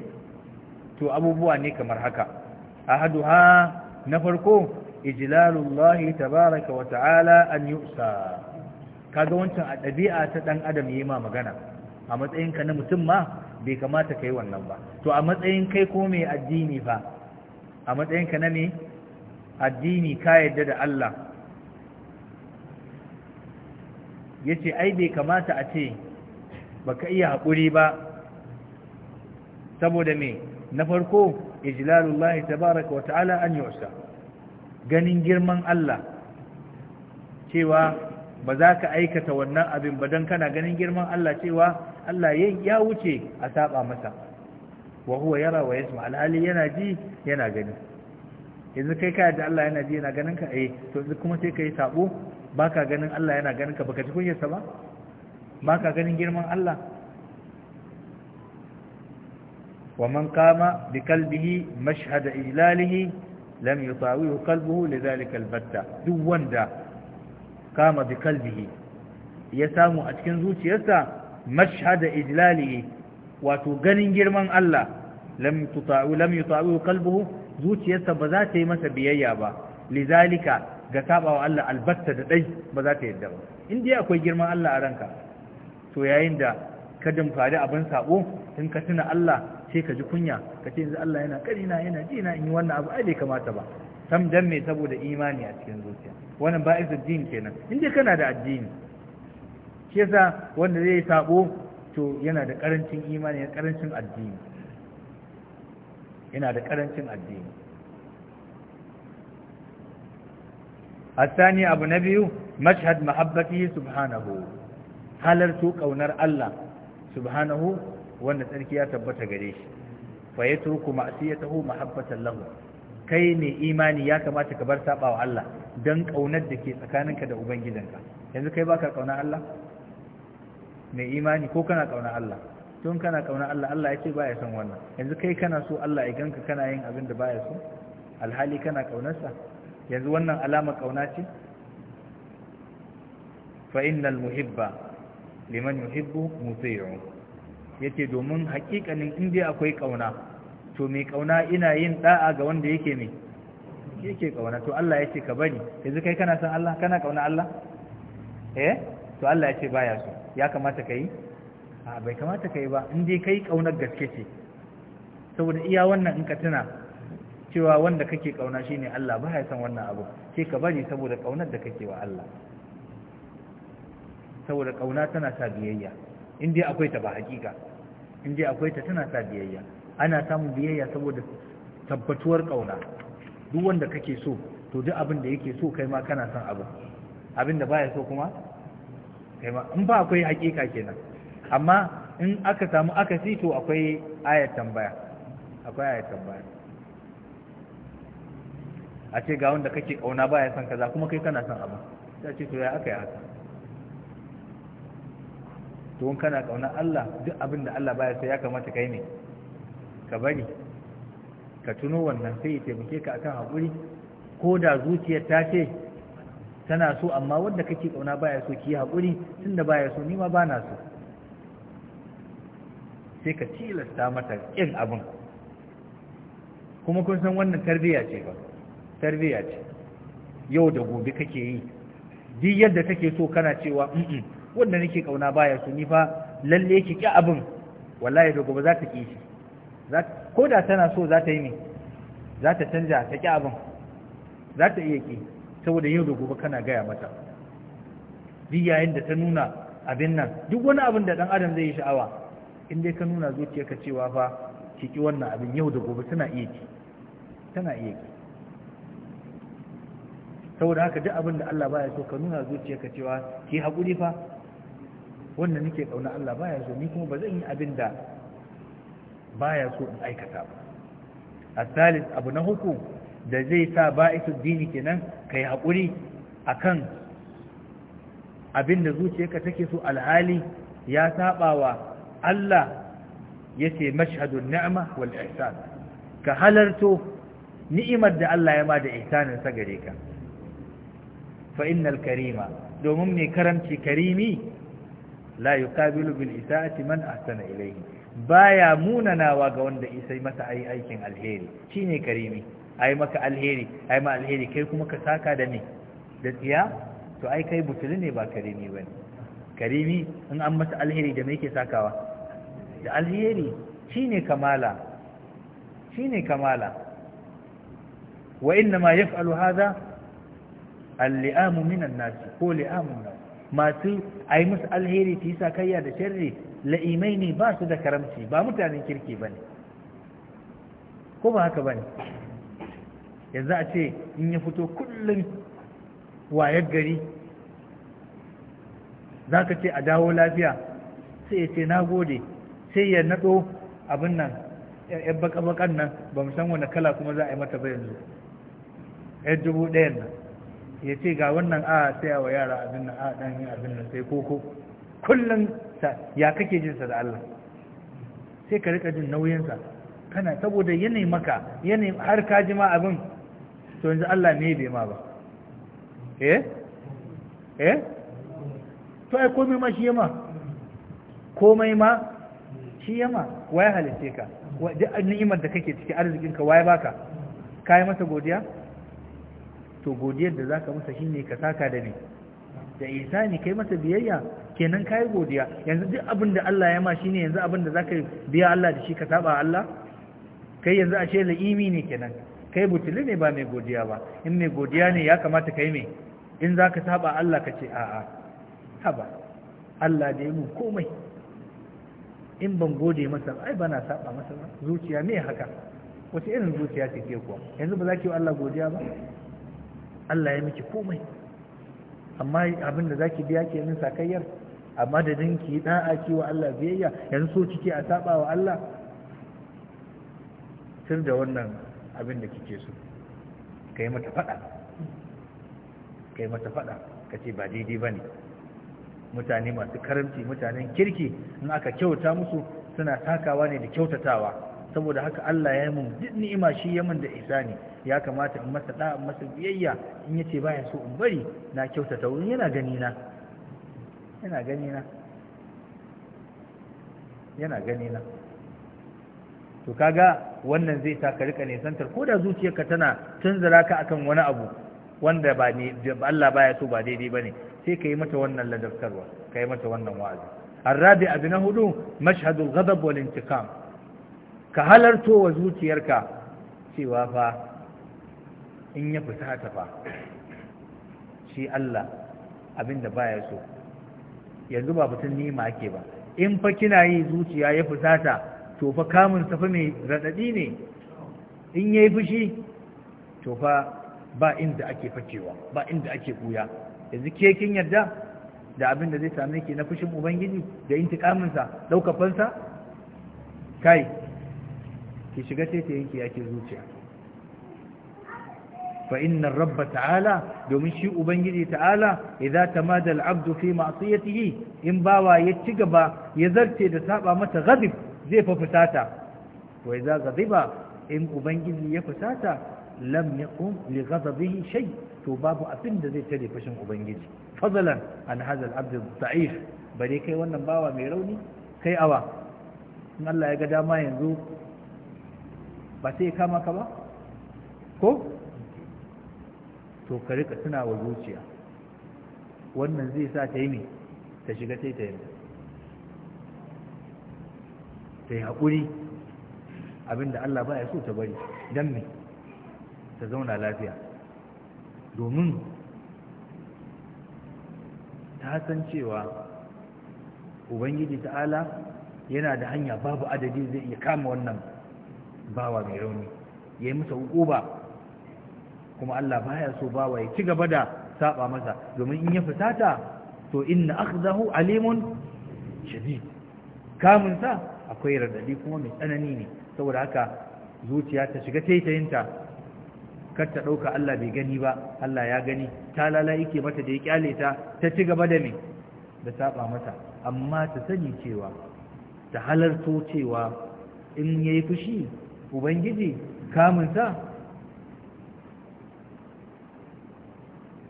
to abubuwa ne kamar haka ahaduha na farko ijlalullahi tabaraka wa ta'ala an yu'sa kaga wancan a ɗabi'a ta ɗan adam yayi ma magana a matsayin na mutum ma bai kamata kai wannan ba to a matsayin kai ko mai addini fa a matsayin na me addini ka yadda da Allah yace ai bai kamata a ce baka iya haƙuri ba saboda me na farko ijlalullahi tabaraka wa ta'ala an yusa ganin girman Allah cewa ba za ka aikata wannan abin ba don kana ganin girman Allah cewa Allah ya wuce a saba masa wa huwa yara wa yasma al'ali yana ji yana gani yanzu kai ka da Allah yana ji yana ganin ka eh to kuma sai ka yi sabo baka ganin Allah yana ganin ka baka ji kunyarsa ba baka ganin girman Allah ومن قام بكلبه مشهد إجلاله لم يطاويه قلبه لذلك البتة دوان دا قام بكلبه يسامو أتكن زوتي يسا مشهد إجلاله وتغنين جرمان الله لم تطاوي لم يطاوي قلبه زوتي يسا بذاته مسا بيايا لذلك قتابه الله البتة دي بذاته يدبر in dai akwai girman Allah a ranka to yayin da ka dimfari abin sabo in ka tuna Allah sai ka ji kunya ka ce yanzu Allah yana karina yana jina in yi wannan abu ai bai kamata ba tam dan me saboda imani a cikin zuciya wannan ba isa din kenan in dai kana da addini shi yasa wanda zai sabo to yana da karancin imani yana karancin addini yana da karancin addini الثاني أبو نبي مشهد محبته سبحانه halarto ƙaunar Allah subhanahu wanda tsarki ya tabbata gare shi fa ya turku ma'asiyatahu mahabbatan lahu kai ne imani ya kamata ka bar saba wa Allah dan kaunar da ke tsakaninka da ubangidanka yanzu kai baka kauna Allah mai imani ko kana kauna Allah tun kana kauna Allah Allah ya ce baya son wannan yanzu kai kana so Allah ya ganka kana yin abin da baya so alhali kana kaunarsa yanzu wannan alama kauna ce fa innal muhibba liman yuhibbu muti'u yace domin hakikanin in dai akwai kauna to mai kauna ina yin da'a ga wanda yake mai yake kauna to Allah yace ka bari yanzu kai kana san Allah kana kauna Allah eh to Allah yace baya so ya kamata kai a bai kamata kai ba in dai kai kaunar gaske ce saboda iya wannan in ka tuna cewa wanda kake kauna shine Allah ba ya san wannan abu ke ka bari saboda kaunar da kake wa Allah saboda kauna tana sa biyayya in dai akwai ta ba hakika in dai akwai ta tana sa biyayya ana samun biyayya saboda tabbatuwar kauna duk wanda kake so to duk abin da yake so kai ma kana son abu abin da baya so kuma kai ma in ba akwai hakika kenan amma in aka samu akasi to akwai ayat tambaya akwai ayat tambaya a ce ga wanda kake kauna baya son kaza kuma kai kana son abu sai ce to ya aka yi haka don kana kaunar Allah duk abin da Allah baya sai ya kamata kai ne ka bari ka tuno wannan sai ya taimake ka akan hakuri? ko da zuciyar ta ce tana so amma wanda kake kauna baya so ki haƙuri tunda baya so ni ma na so sai ka tilasta mata kin abin kuma kun san wannan tarbiyya ce ba tarbiyya ce yau da gobe kake yi duk yadda take so kana cewa mm wanda nake kauna baya su ni fa lalle yake ki abin wallahi to gobe za ta ki shi ko da tana so za ta yi ne za ta canja ta ki abin za ta iya ki saboda yau da gobe kana gaya mata duk yayin da ta nuna abin nan duk wani abin da dan adam zai yi sha'awa in dai ka nuna zuciyarka cewa fa ki ki wannan abin yau da gobe tana iya ki tana iya ki saboda haka duk abin da Allah baya so ka nuna zuciyarka cewa ki haƙuri fa wanda nake kauna Allah baya so ni kuma ba zan yi abin da baya so in aikata ba asalis abu na huku da zai sa ba'isu dini kenan kai hakuri akan abin da zuciyarka take so alhali ya sabawa Allah yace mashhadun ni'ma wal ihsan ka halarto ni'imar da Allah ya ma da ihsanin sa gare ka fa innal karima domin mai karamci karimi la yuqabilu bil ati man ahsana ilayhi baya munanawa ga wanda isai masa ai aikin alheri shine karimi ai maka alheri ai ma alheri kai kuma ka saka da ni da tsiya to ai kai butuli ne ba karimi bane karimi in an masa alheri da me yake sakawa da alheri shine kamala shine kamala wa inna ma yaf'alu hadha al-li'amu minan nas ko li'amun masu a yi musu alheri ta yi sakayya da sharri la'imai ne ba su da karamci ba mutanen kirki ba ne ko ba haka ba ne yanzu a ce in ya fito kullum wayar gari za ka ce a dawo lafiya sai ya ce na gode sai ya naɗo abin nan yan baka-bakan nan ba san wani kala kuma za a yi mata ba yanzu Ya dubu ɗayan nan ya ce ga wannan a sai wa yara abin nan a ɗan yin abin nan sai koko kullum ya kake jinsa da Allah sai ka rika jin nauyinsa kana saboda yanayi maka yanayi har ka ji ma abin to yanzu Allah ne bai ma ba eh eh to ai komai ma shi yama komai ma shi yama waye halitta ka duk ni'imar da kake ciki arzikin ka waye baka kai masa godiya to godiyar da zaka masa shine ka saka da ni da ihsani kai masa biyayya kenan kai godiya yanzu duk abin da Allah ya ma shine yanzu abin da zaka biya Allah da shi ka saba Allah kai yanzu ce la'imi ne kenan kai butuli ne ba mai godiya ba in mai godiya ne ya kamata kai mai in zaka saba Allah ka ce a'a haba Allah da mun komai in ban gode masa ai bana saba masa zuciya me haka wace irin zuciya ce ke kuwa yanzu ba za ki yi Allah godiya ba Allah ya miki komai amma abinda zaki biya ke min sakayyar da madadin ki da'a kiwa wa Allah biyayya yanzu so kike a saba wa Allah tun da wannan abin da kike so kai mata fada kai mata fada kace ba daidai bane mutane masu karamci mutanen kirki in aka kyauta musu suna takawa ne da kyautatawa saboda haka Allah ya yi mun duk ni'ima shi ya mun da Isa ne ya kamata in masa da'a in masa biyayya in yace baya so in bari na kyautata wurin yana gani na yana gani na yana gani na to kaga wannan zai sa ka rika nisantar ko da zuciyarka tana tunzura ka akan wani abu wanda ba ne Allah baya so ba daidai bane sai ka yi mata wannan ladabtarwa ka yi mata wannan wa'azi الرابع na hudu مشهد الغضب والانتقام ka halarto wa zuciyarka cewa fa in ya fita ta fa shi Allah abinda baya so yanzu ba batun nima ake ba in fa kina yi zuciya ya fusata to fa kamun fa mai radadi ne in yayi fushi to fa ba inda ake fakewa ba inda ake ɓuya. yanzu ke kin yarda da abin da zai same ki na fushin ubangiji da intikamin sa kai ki shiga sai yake yanki yake zuciya fa inna rabba ta'ala domin shi ubangiji ta'ala idza tamada al-abdu fi ma'siyatihi in bawa ya ci gaba ya zarce da saba mata ghadib zai fa fusata wa idza ghadiba in ubangiji ya fusata lam yaqum li ghadabihi shay to babu abin da zai tare fashin ubangiji fadlan an hadha al da'if bare kai wannan bawa mai rauni kai awa in Allah ya ga dama yanzu ba sai kama ka ba ko to ka tuna wa zuciya wannan zai sa ta yi ne ta shiga sai ta yi ta yi haƙuri abinda Allah ba ya so ta bari don me ta zauna lafiya domin ta san cewa ubangiji ta'ala yana da hanya babu adadi zai iya kama wannan bawa mai rauni ya yi masa hukuba kuma Allah baya so bawa ya ci gaba da saba masa domin in ya fusata to inna akhdahu alimun shadid kamun sa akwai radadi kuma mai tsanani ne saboda haka zuciya ta shiga taitayinta kar ta dauka Allah bai gani ba Allah ya gani ta lalaye yake mata da ya kyale ta ta ci gaba da me da saba masa amma ta sani cewa ta halarto cewa in yayi fushi ubangiji kamunsa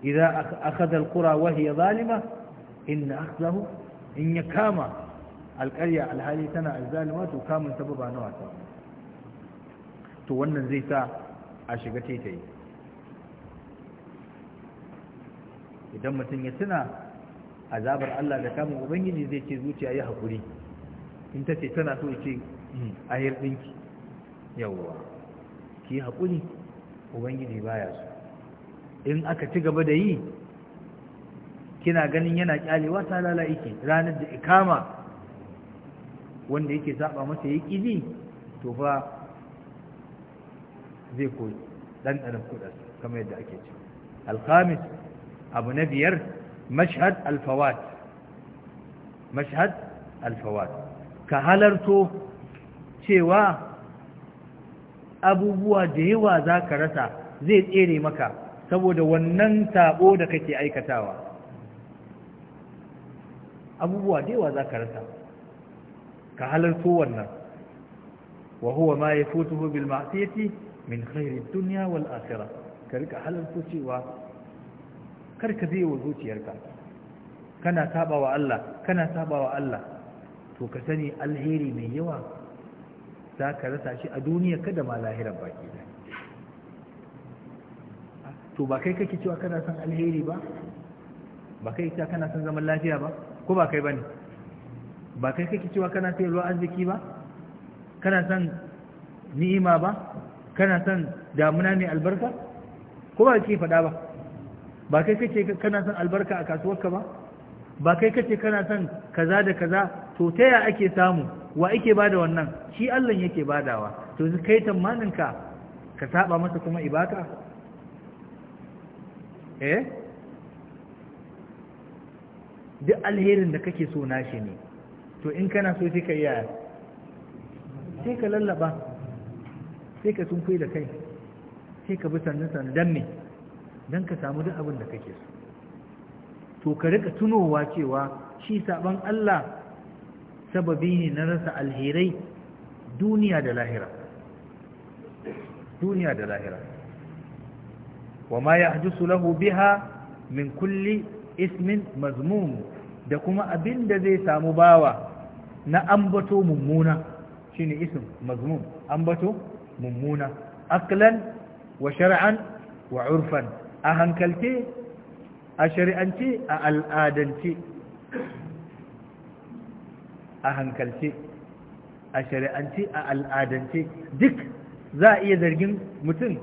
idan akadar alqura wa zalima in akhdahu in kama alqarya alhali tana azzalima to kamunsa ba na wasa to wannan zai sa a shiga taitayi idan mutum ya tuna azabar Allah da kamun ubangiji zai ce zuciya ya haƙuri in ta ce tana so ce hmm, a ɗinki yawwa ki haƙuri ubangiji baya su in aka ci gaba da yi kina ganin yana kyalewa ta lalaiki ranar da ikama wanda yake zaɓa masa ya ƙi to fa zai koyi ɗanɗanin kuɗa kamar yadda ake ce Alkhamis abu na biyar mashahad alfawat mashhad alfawat ka halarto cewa abubuwa da yawa za ka rasa zai tsere maka saboda wannan sabo da kake aikatawa abubuwa da yawa za ka rasa ka halarto wannan wa huwa ma yafutuhu bil ma'siyati min khairi dunya wal akhirah ka rika halarto cewa kar ka zai wa zuciyarka kana saba Allah kana saba Allah to ka sani alheri mai yawa za ka rasa shi a duniya kada ma lahirar baki da to ba kai kake cewa kana son alheri ba ba kai cewa kana son zaman lafiya ba ko ba kai bane ba kai kake cewa kana son ruwa arziki ba kana son ni'ima ba kana son damuna mai albarka ko ba kake faɗa ba ba kai kake kana son albarka a kasuwarka ba ba kai kace kana son kaza da kaza to ta ya ake samu wa yake bada wannan shi Allah yake badawa to su kai tamaninka ka ka saba masa kuma ibaka eh duk alherin da kake so nashi ne to in kana so sai ka yi sai ka lallaba sai ka sunkuyi da kai sai ka bi sannan sannan dan me dan ka samu duk abin da kake so to ka rika tunowa cewa shi saban Allah sababi ne na rasa alherai duniya da lahira duniya da lahira wa ma yahjusu lahu biha min kulli ismin mazmum da kuma abin da zai samu bawa na ambato mummuna shine ism mazmum ambato mummuna aklan wa shari'an wa urfan a hankalce a shari'ance a al'adance a hankalce a shari'ance a al'adance duk za a iya zargin mutum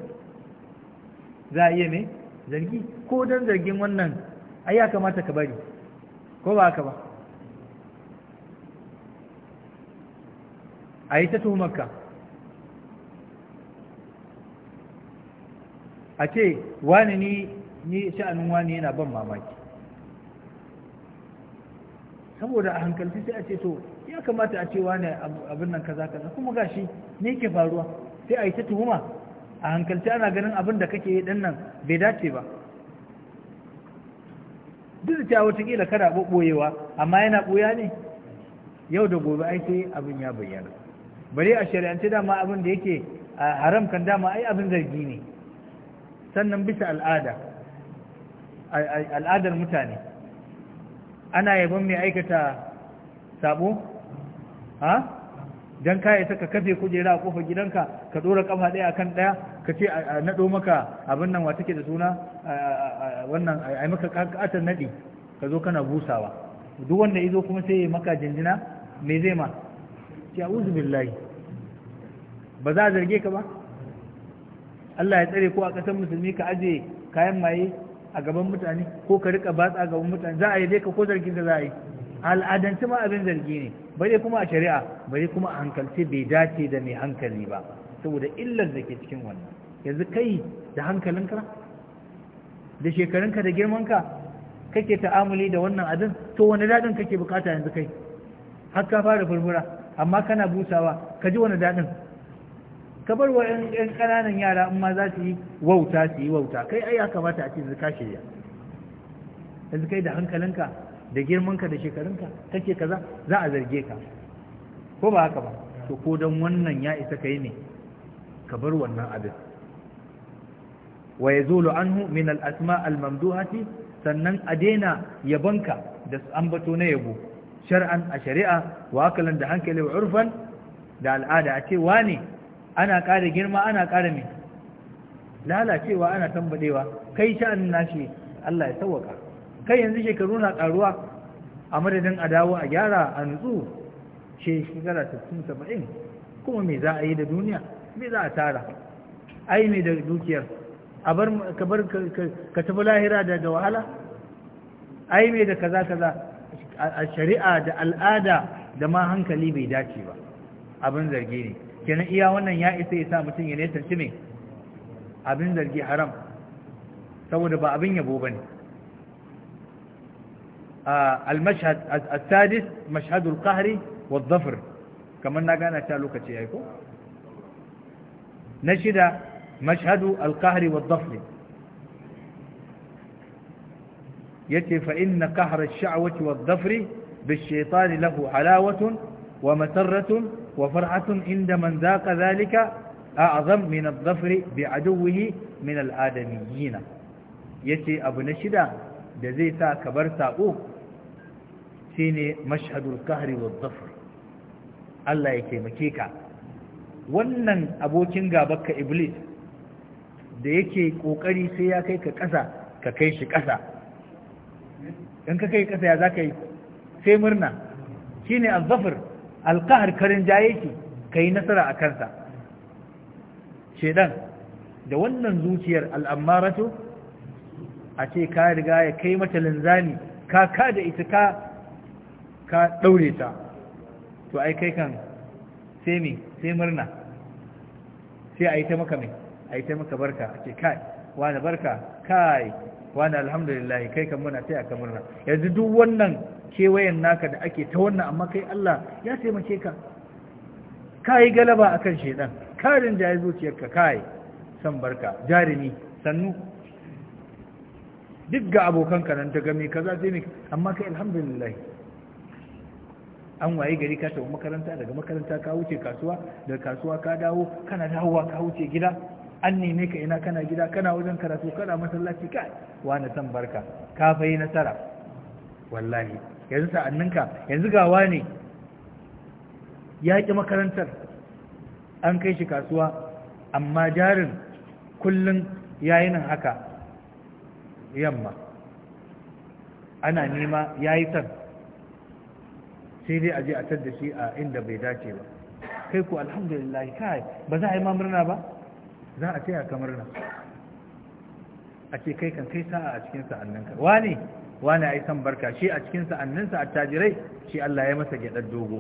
za a iya ne zargi ko don zargin wannan ai ya kamata ka bari ko ba haka ba a yi ta tuhumarka a ce wani ni ni sha'anin wani yana ban mamaki saboda a hankalci sai a ce to ya kamata a cewa ne abin nan kaza kaza kuma gashi ni yake faruwa sai a yi ta tuhuma a hankalci ana ganin abin da kake yi din nan bai dace ba duk da cewa ka kana boyewa amma yana boya ne yau da gobe ai sai abin ya bayyana bare a shari'ance dama abin da yake haram kan dama ai abin zargi ne sannan bisa al'ada al'adar mutane ana yabon mai aikata sabo ha dan ka isa ka kafe kujera a kofar gidanka ka dora kafa daya akan daya ka ce a nado maka abin nan wa take da suna wannan ai maka katar nadi ka zo kana busawa duk wanda yazo kuma sai ya maka jinjina me zai ma ya uzu billahi ba za a zarge ka ba Allah ya tsare ko a ƙasar musulmi ka aje kayan maye a gaban mutane ko ka rika batsa a gaban mutane za a yi dai ka ko zargin da za a yi al'adance ma abin zargi ne bare kuma a shari'a bare kuma a hankalce bai dace da mai hankali ba saboda illar da ke cikin wannan yanzu kai da hankalinka da shekarunka da girmanka kake ta'amuli da wannan abin to wani daɗin kake bukata yanzu kai har ka fara furfura amma kana busawa ka ji wani daɗin ka bar wa 'yan ƙananan yara in ma za su yi wauta su yi wauta kai ai ya kamata a ce yanzu ka shirya yanzu kai da hankalinka da girmanka da shekarunka kake kaza za a zarge ka ko ba haka ba to ko don wannan ya isa kai ne ka bar wannan abin wa yazulu anhu min al asma al mamduhati sannan a daina yabanka da ambato na yabo shar'an a shari'a wa akalan da hankali wa urfan da al'ada a ce wane ana ƙara girma ana ƙara mai lalacewa ana tambadewa kai sha'an nashi Allah ya sauwaka kai yanzu shekaru na karuwa a madadin a dawo a gyara a nutsu ce shekara tattun saba'in kuma me za a yi da duniya me za a tara ai me da dukiyar ka bar tafi lahira da wahala ai me da kaza kaza a shari'a da al'ada da ma hankali bai dace ba abin zargi ne kenan iya wannan ya isa ya sa mutum ya nesanci me abin zargi haram saboda ba abin yabo ba ne. المشهد السادس مشهد القهر والظفر كمان نغانا تعلق تيايكو نشد مشهد القهر والظفر يتي فإن قهر الشعوة والظفر بالشيطان له حلاوة ومسرة وفرحة عند من ذاق ذلك أعظم من الظفر بعدوه من الآدميين يتي أبو نشدة da zai sa ka bar saƙo shine mashhadul kahri wa zafar Allah ya taimake ka wannan abokin ka iblis da yake kokari sai ya kai ka ƙasa ka kai shi ƙasa in ka kai ƙasa ya za ka yi sai murna shine al al alkahar karin jaye ki ka yi nasara a kansa shedan da wannan zuciyar al'ammaratu a ce ka riga ya kai mata linzami ka ka da ita ka ka ɗaure ta to ai kai kan sai mi sai murna sai a yi ta maka mai a yi ta maka barka a ce kai wani barka kai wani alhamdulillah kai kan muna sai aka murna yanzu duk wannan kewayen naka da ake ta wannan amma kai Allah ya sai ka ka yi galaba a kan shaidan karin jayi zuciyarka ka yi san barka jarumi sannu duk ga abokanka nan ta game kaza sai mai amma kai alhamdulillah an waye gari ka tafi makaranta daga makaranta ka wuce kasuwa daga kasuwa ka dawo kana dawowa ka wuce gida an neme ka ina kana gida kana wajen karatu kana masallaci kai wani san barka ka fa nasara wallahi yanzu ka. yanzu gawa ne ya ki makarantar an kai shi kasuwa amma jarin kullum yayi nan haka yamma ana nema yayi san sai dai a je a tadda shi a inda bai dace ba kai ku alhamdulillah kai ba za a yi ma murna ba za a taya ka murna a ce kai kan kai sa'a a cikin sa'annin ka wani wani ai san barka shi a cikin sa'annin sa attajirai shi Allah ya masa gyadar dogo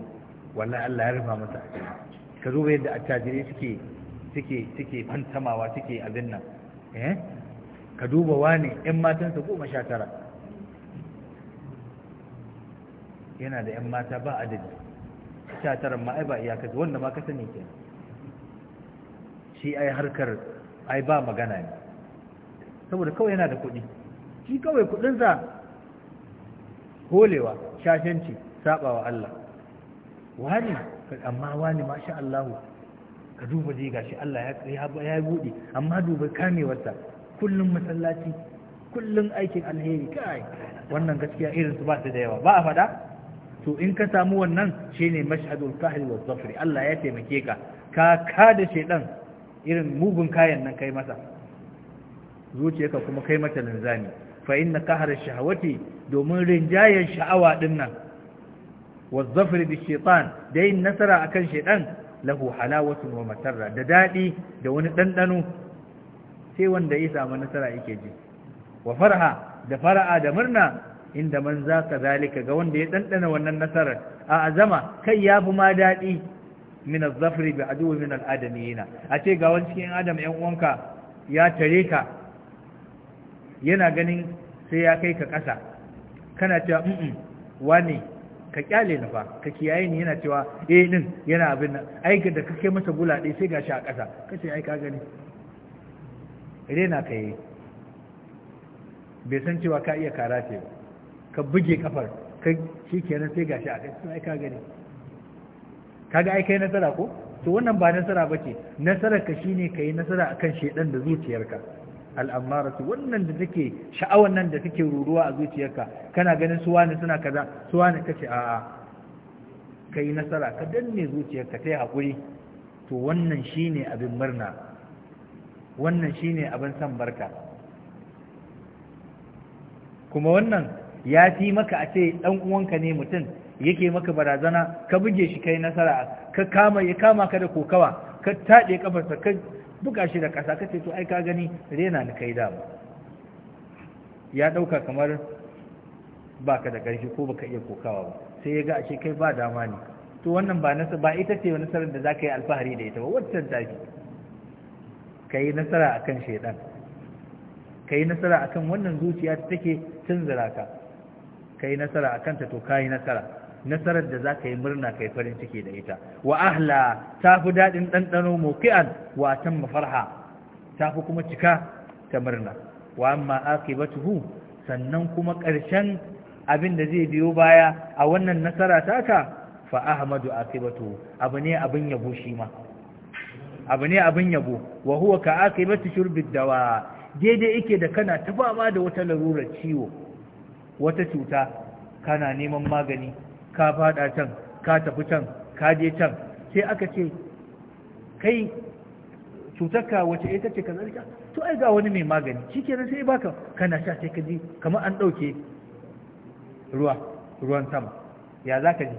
wallahi Allah ya rufa masa ka zo yadda attajirai suke suke suke fantamawa suke abin nan eh ka duba wani 'yan matansa goma sha tara yana da 'yan mata ba adadi sha tara ma ai ba iyaka wanda ma ka sani ke shi ai harkar ai ba magana ne saboda kawai yana da kuɗi shi kawai kuɗinsa holewa shashanci sabawa Allah wani amma wani masha Allah ka duba zai gashi Allah ya buɗe amma duba kamewarsa kullum masallaci kullum aikin alheri kai wannan gaskiya irin su ba su da yawa ba a fada to in ka samu wannan shine mash'adul kahri wa zafri Allah ya taimake ka ka kada shedan irin mugun kayan nan kai masa zuciyarka kuma kai mata linzami fa inna kahra shahawati domin rinjayen sha'awa din nan wa zafri bi shaytan da yin nasara akan shedan lahu wasu wa matarra da dadi da wani dandano sai wanda ya samu nasara yake ji wa farha da fara'a da murna inda man ka zalika ga wanda ya dandana wannan nasarar a azama kai ya fi ma daɗi. min az-zafri bi adu min al a ce ga wani cikin adam yan uwanka ya tare ka yana ganin sai ya kai ka ƙasa. kana cewa mm wani ka kyale na fa ka kiyaye ni yana cewa eh din yana abin nan ai da kake masa ɗaya sai gashi a kasa kace ai ka gani rena kai bai san cewa ka iya kara ce ba ka buge kafar kai shi kenan sai gashi a kai ai ka gani kaga ai kai nasara ko to wannan ba nasara bace nasarar ka shine kai nasara akan shedan da zuciyarka al'amaratu wannan da take sha'awan nan da take ruruwa a zuciyarka kana ganin su wani suna kaza su wani kace a'a kai nasara ka danne zuciyarka ta yi haƙuri to wannan shine abin murna wannan shine abin san barka kuma wannan ya fi maka a ce ɗan uwanka ne mutum yake maka barazana ka buge shi kai nasara ka kama ya kama ka da kokawa ka taɗe kafarsa ka buga shi da ƙasa ka ce to ai ka gani rena ni kai dama ya ɗauka kamar ba ka da ƙarfi ko baka iya kokawa ba sai ya ga a ce kai ba dama ne to wannan ba nasa ba ita ce nasarar da za ka yi alfahari da ita ba wancan tafi yi nasara akan ka yi nasara akan wannan zuciya ta take tunzura ka ka yi nasara a kanta to ka yi nasara nasarar da za ka yi murna kai yi farin ciki da ita wa ahla ta fi daɗin ɗanɗano moki'an wa tan mafarha ta fi kuma cika ta murna wa amma akibatuhu sannan kuma ƙarshen abin da zai biyo baya a wannan nasara taka fa ahmadu akibatuhu abu ne abin yabo shi ma abu ne abin yabo wa huwa ka akibatu shurbid dawa daidai yake da kana ta fama da wata larurar ciwo wata cuta kana neman magani ka fada can ka tafi can ka je can sai aka ce kai cutarka wace ita ce ka to ai ga wani mai magani shikenan sai baka kana sha sai ka ji kamar an dauke ruwa ruwan sama ya zaka ji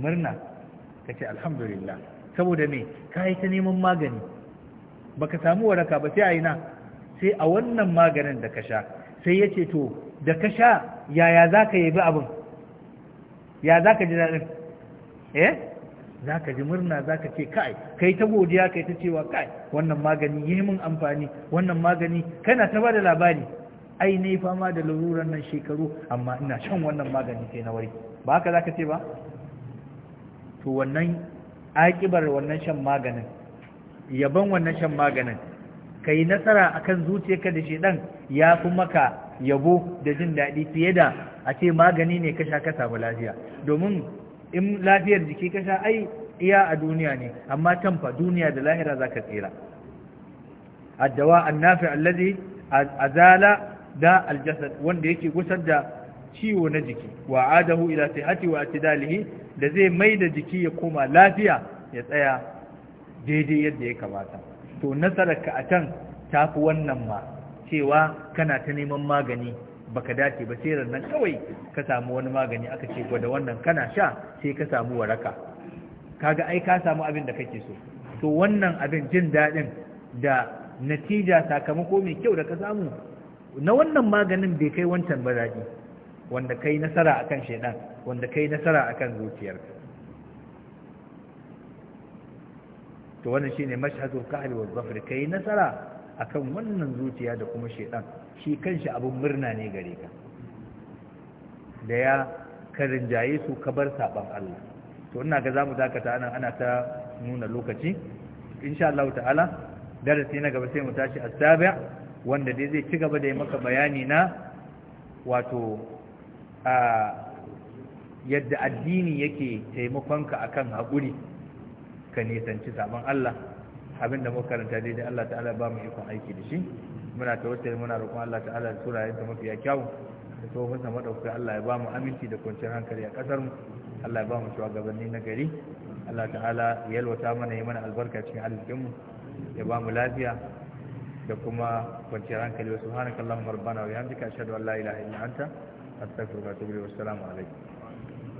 murna kace alhamdulillah saboda me kai ta neman magani baka samu waraka ba sai a sai a wannan maganin da ka sha sai yace to da ka sha yaya za ka yabi abin ya za ka ji daɗin eh za ka ji murna za ka ce kai kai ta godiya kai ta cewa kai wannan magani yi min amfani wannan magani kana ta ba da labari ai ne fama da laruran nan shekaru amma ina shan wannan magani sai na wari ba haka za ka ce ba to wannan aƙibar wannan shan maganin yaban wannan shan maganin ka yi nasara akan zuciyarka da shedan ya fi maka yabo da jin daɗi fiye da a ce magani ne ka sha ka samu lafiya domin in lafiyar jiki ka ai iya a duniya ne amma tamfa duniya da lahira za ka tsira addawa annafi allazi azala da aljasad wanda yake gusar da ciwo na jiki wa adahu ila sihati wa atidalihi da zai mai da jiki ya koma lafiya ya tsaya daidai yadda ya kamata to nasararka a can tafi wannan ma cewa kana ta neman magani baka dace ba sai nan kawai ka samu wani magani aka ce gwada wannan kana sha sai ka samu waraka kaga ai ka samu abin da kake so to wannan abin jin daɗin da natija sakamako mai kyau da ka samu na wannan maganin bai kai wancan ba dadi wanda kai nasara akan shaidan wanda kai nasara akan zuciyar to wannan shine mashhadul kahl wal zafr kai nasara akan wannan zuciya da kuma shaidan shi kanshi abin murna ne gare ka da ya karin jaye su ka bar saban Allah to ina ga zamu dakata nan ana ta nuna lokaci insha Allah ta'ala darasi na gaba sai mu tashi as-sabi' wanda dai zai ci gaba da yi maka bayani na wato a yadda addini yake taimakon ka akan hakuri, ka nisanci saban Allah abin da muka karanta da Allah ta'ala ba mu ikon aiki da shi muna tawassuli muna roƙon Allah ta'ala da yanta mafiya kyau da mun samu madaukakin Allah ya ba mu aminci da kwanciyar hankali a kasar mu Allah ya ba mu shugabanni na gari Allah ta'ala ya yalwata mana ya mana albarka cikin arzikin mu ya ba mu lafiya da kuma kwanciyar hankali wa subhanakallahumma rabbana wa bihamdika ashhadu an la ilaha illa anta astaghfiruka wa atubu ilayk assalamu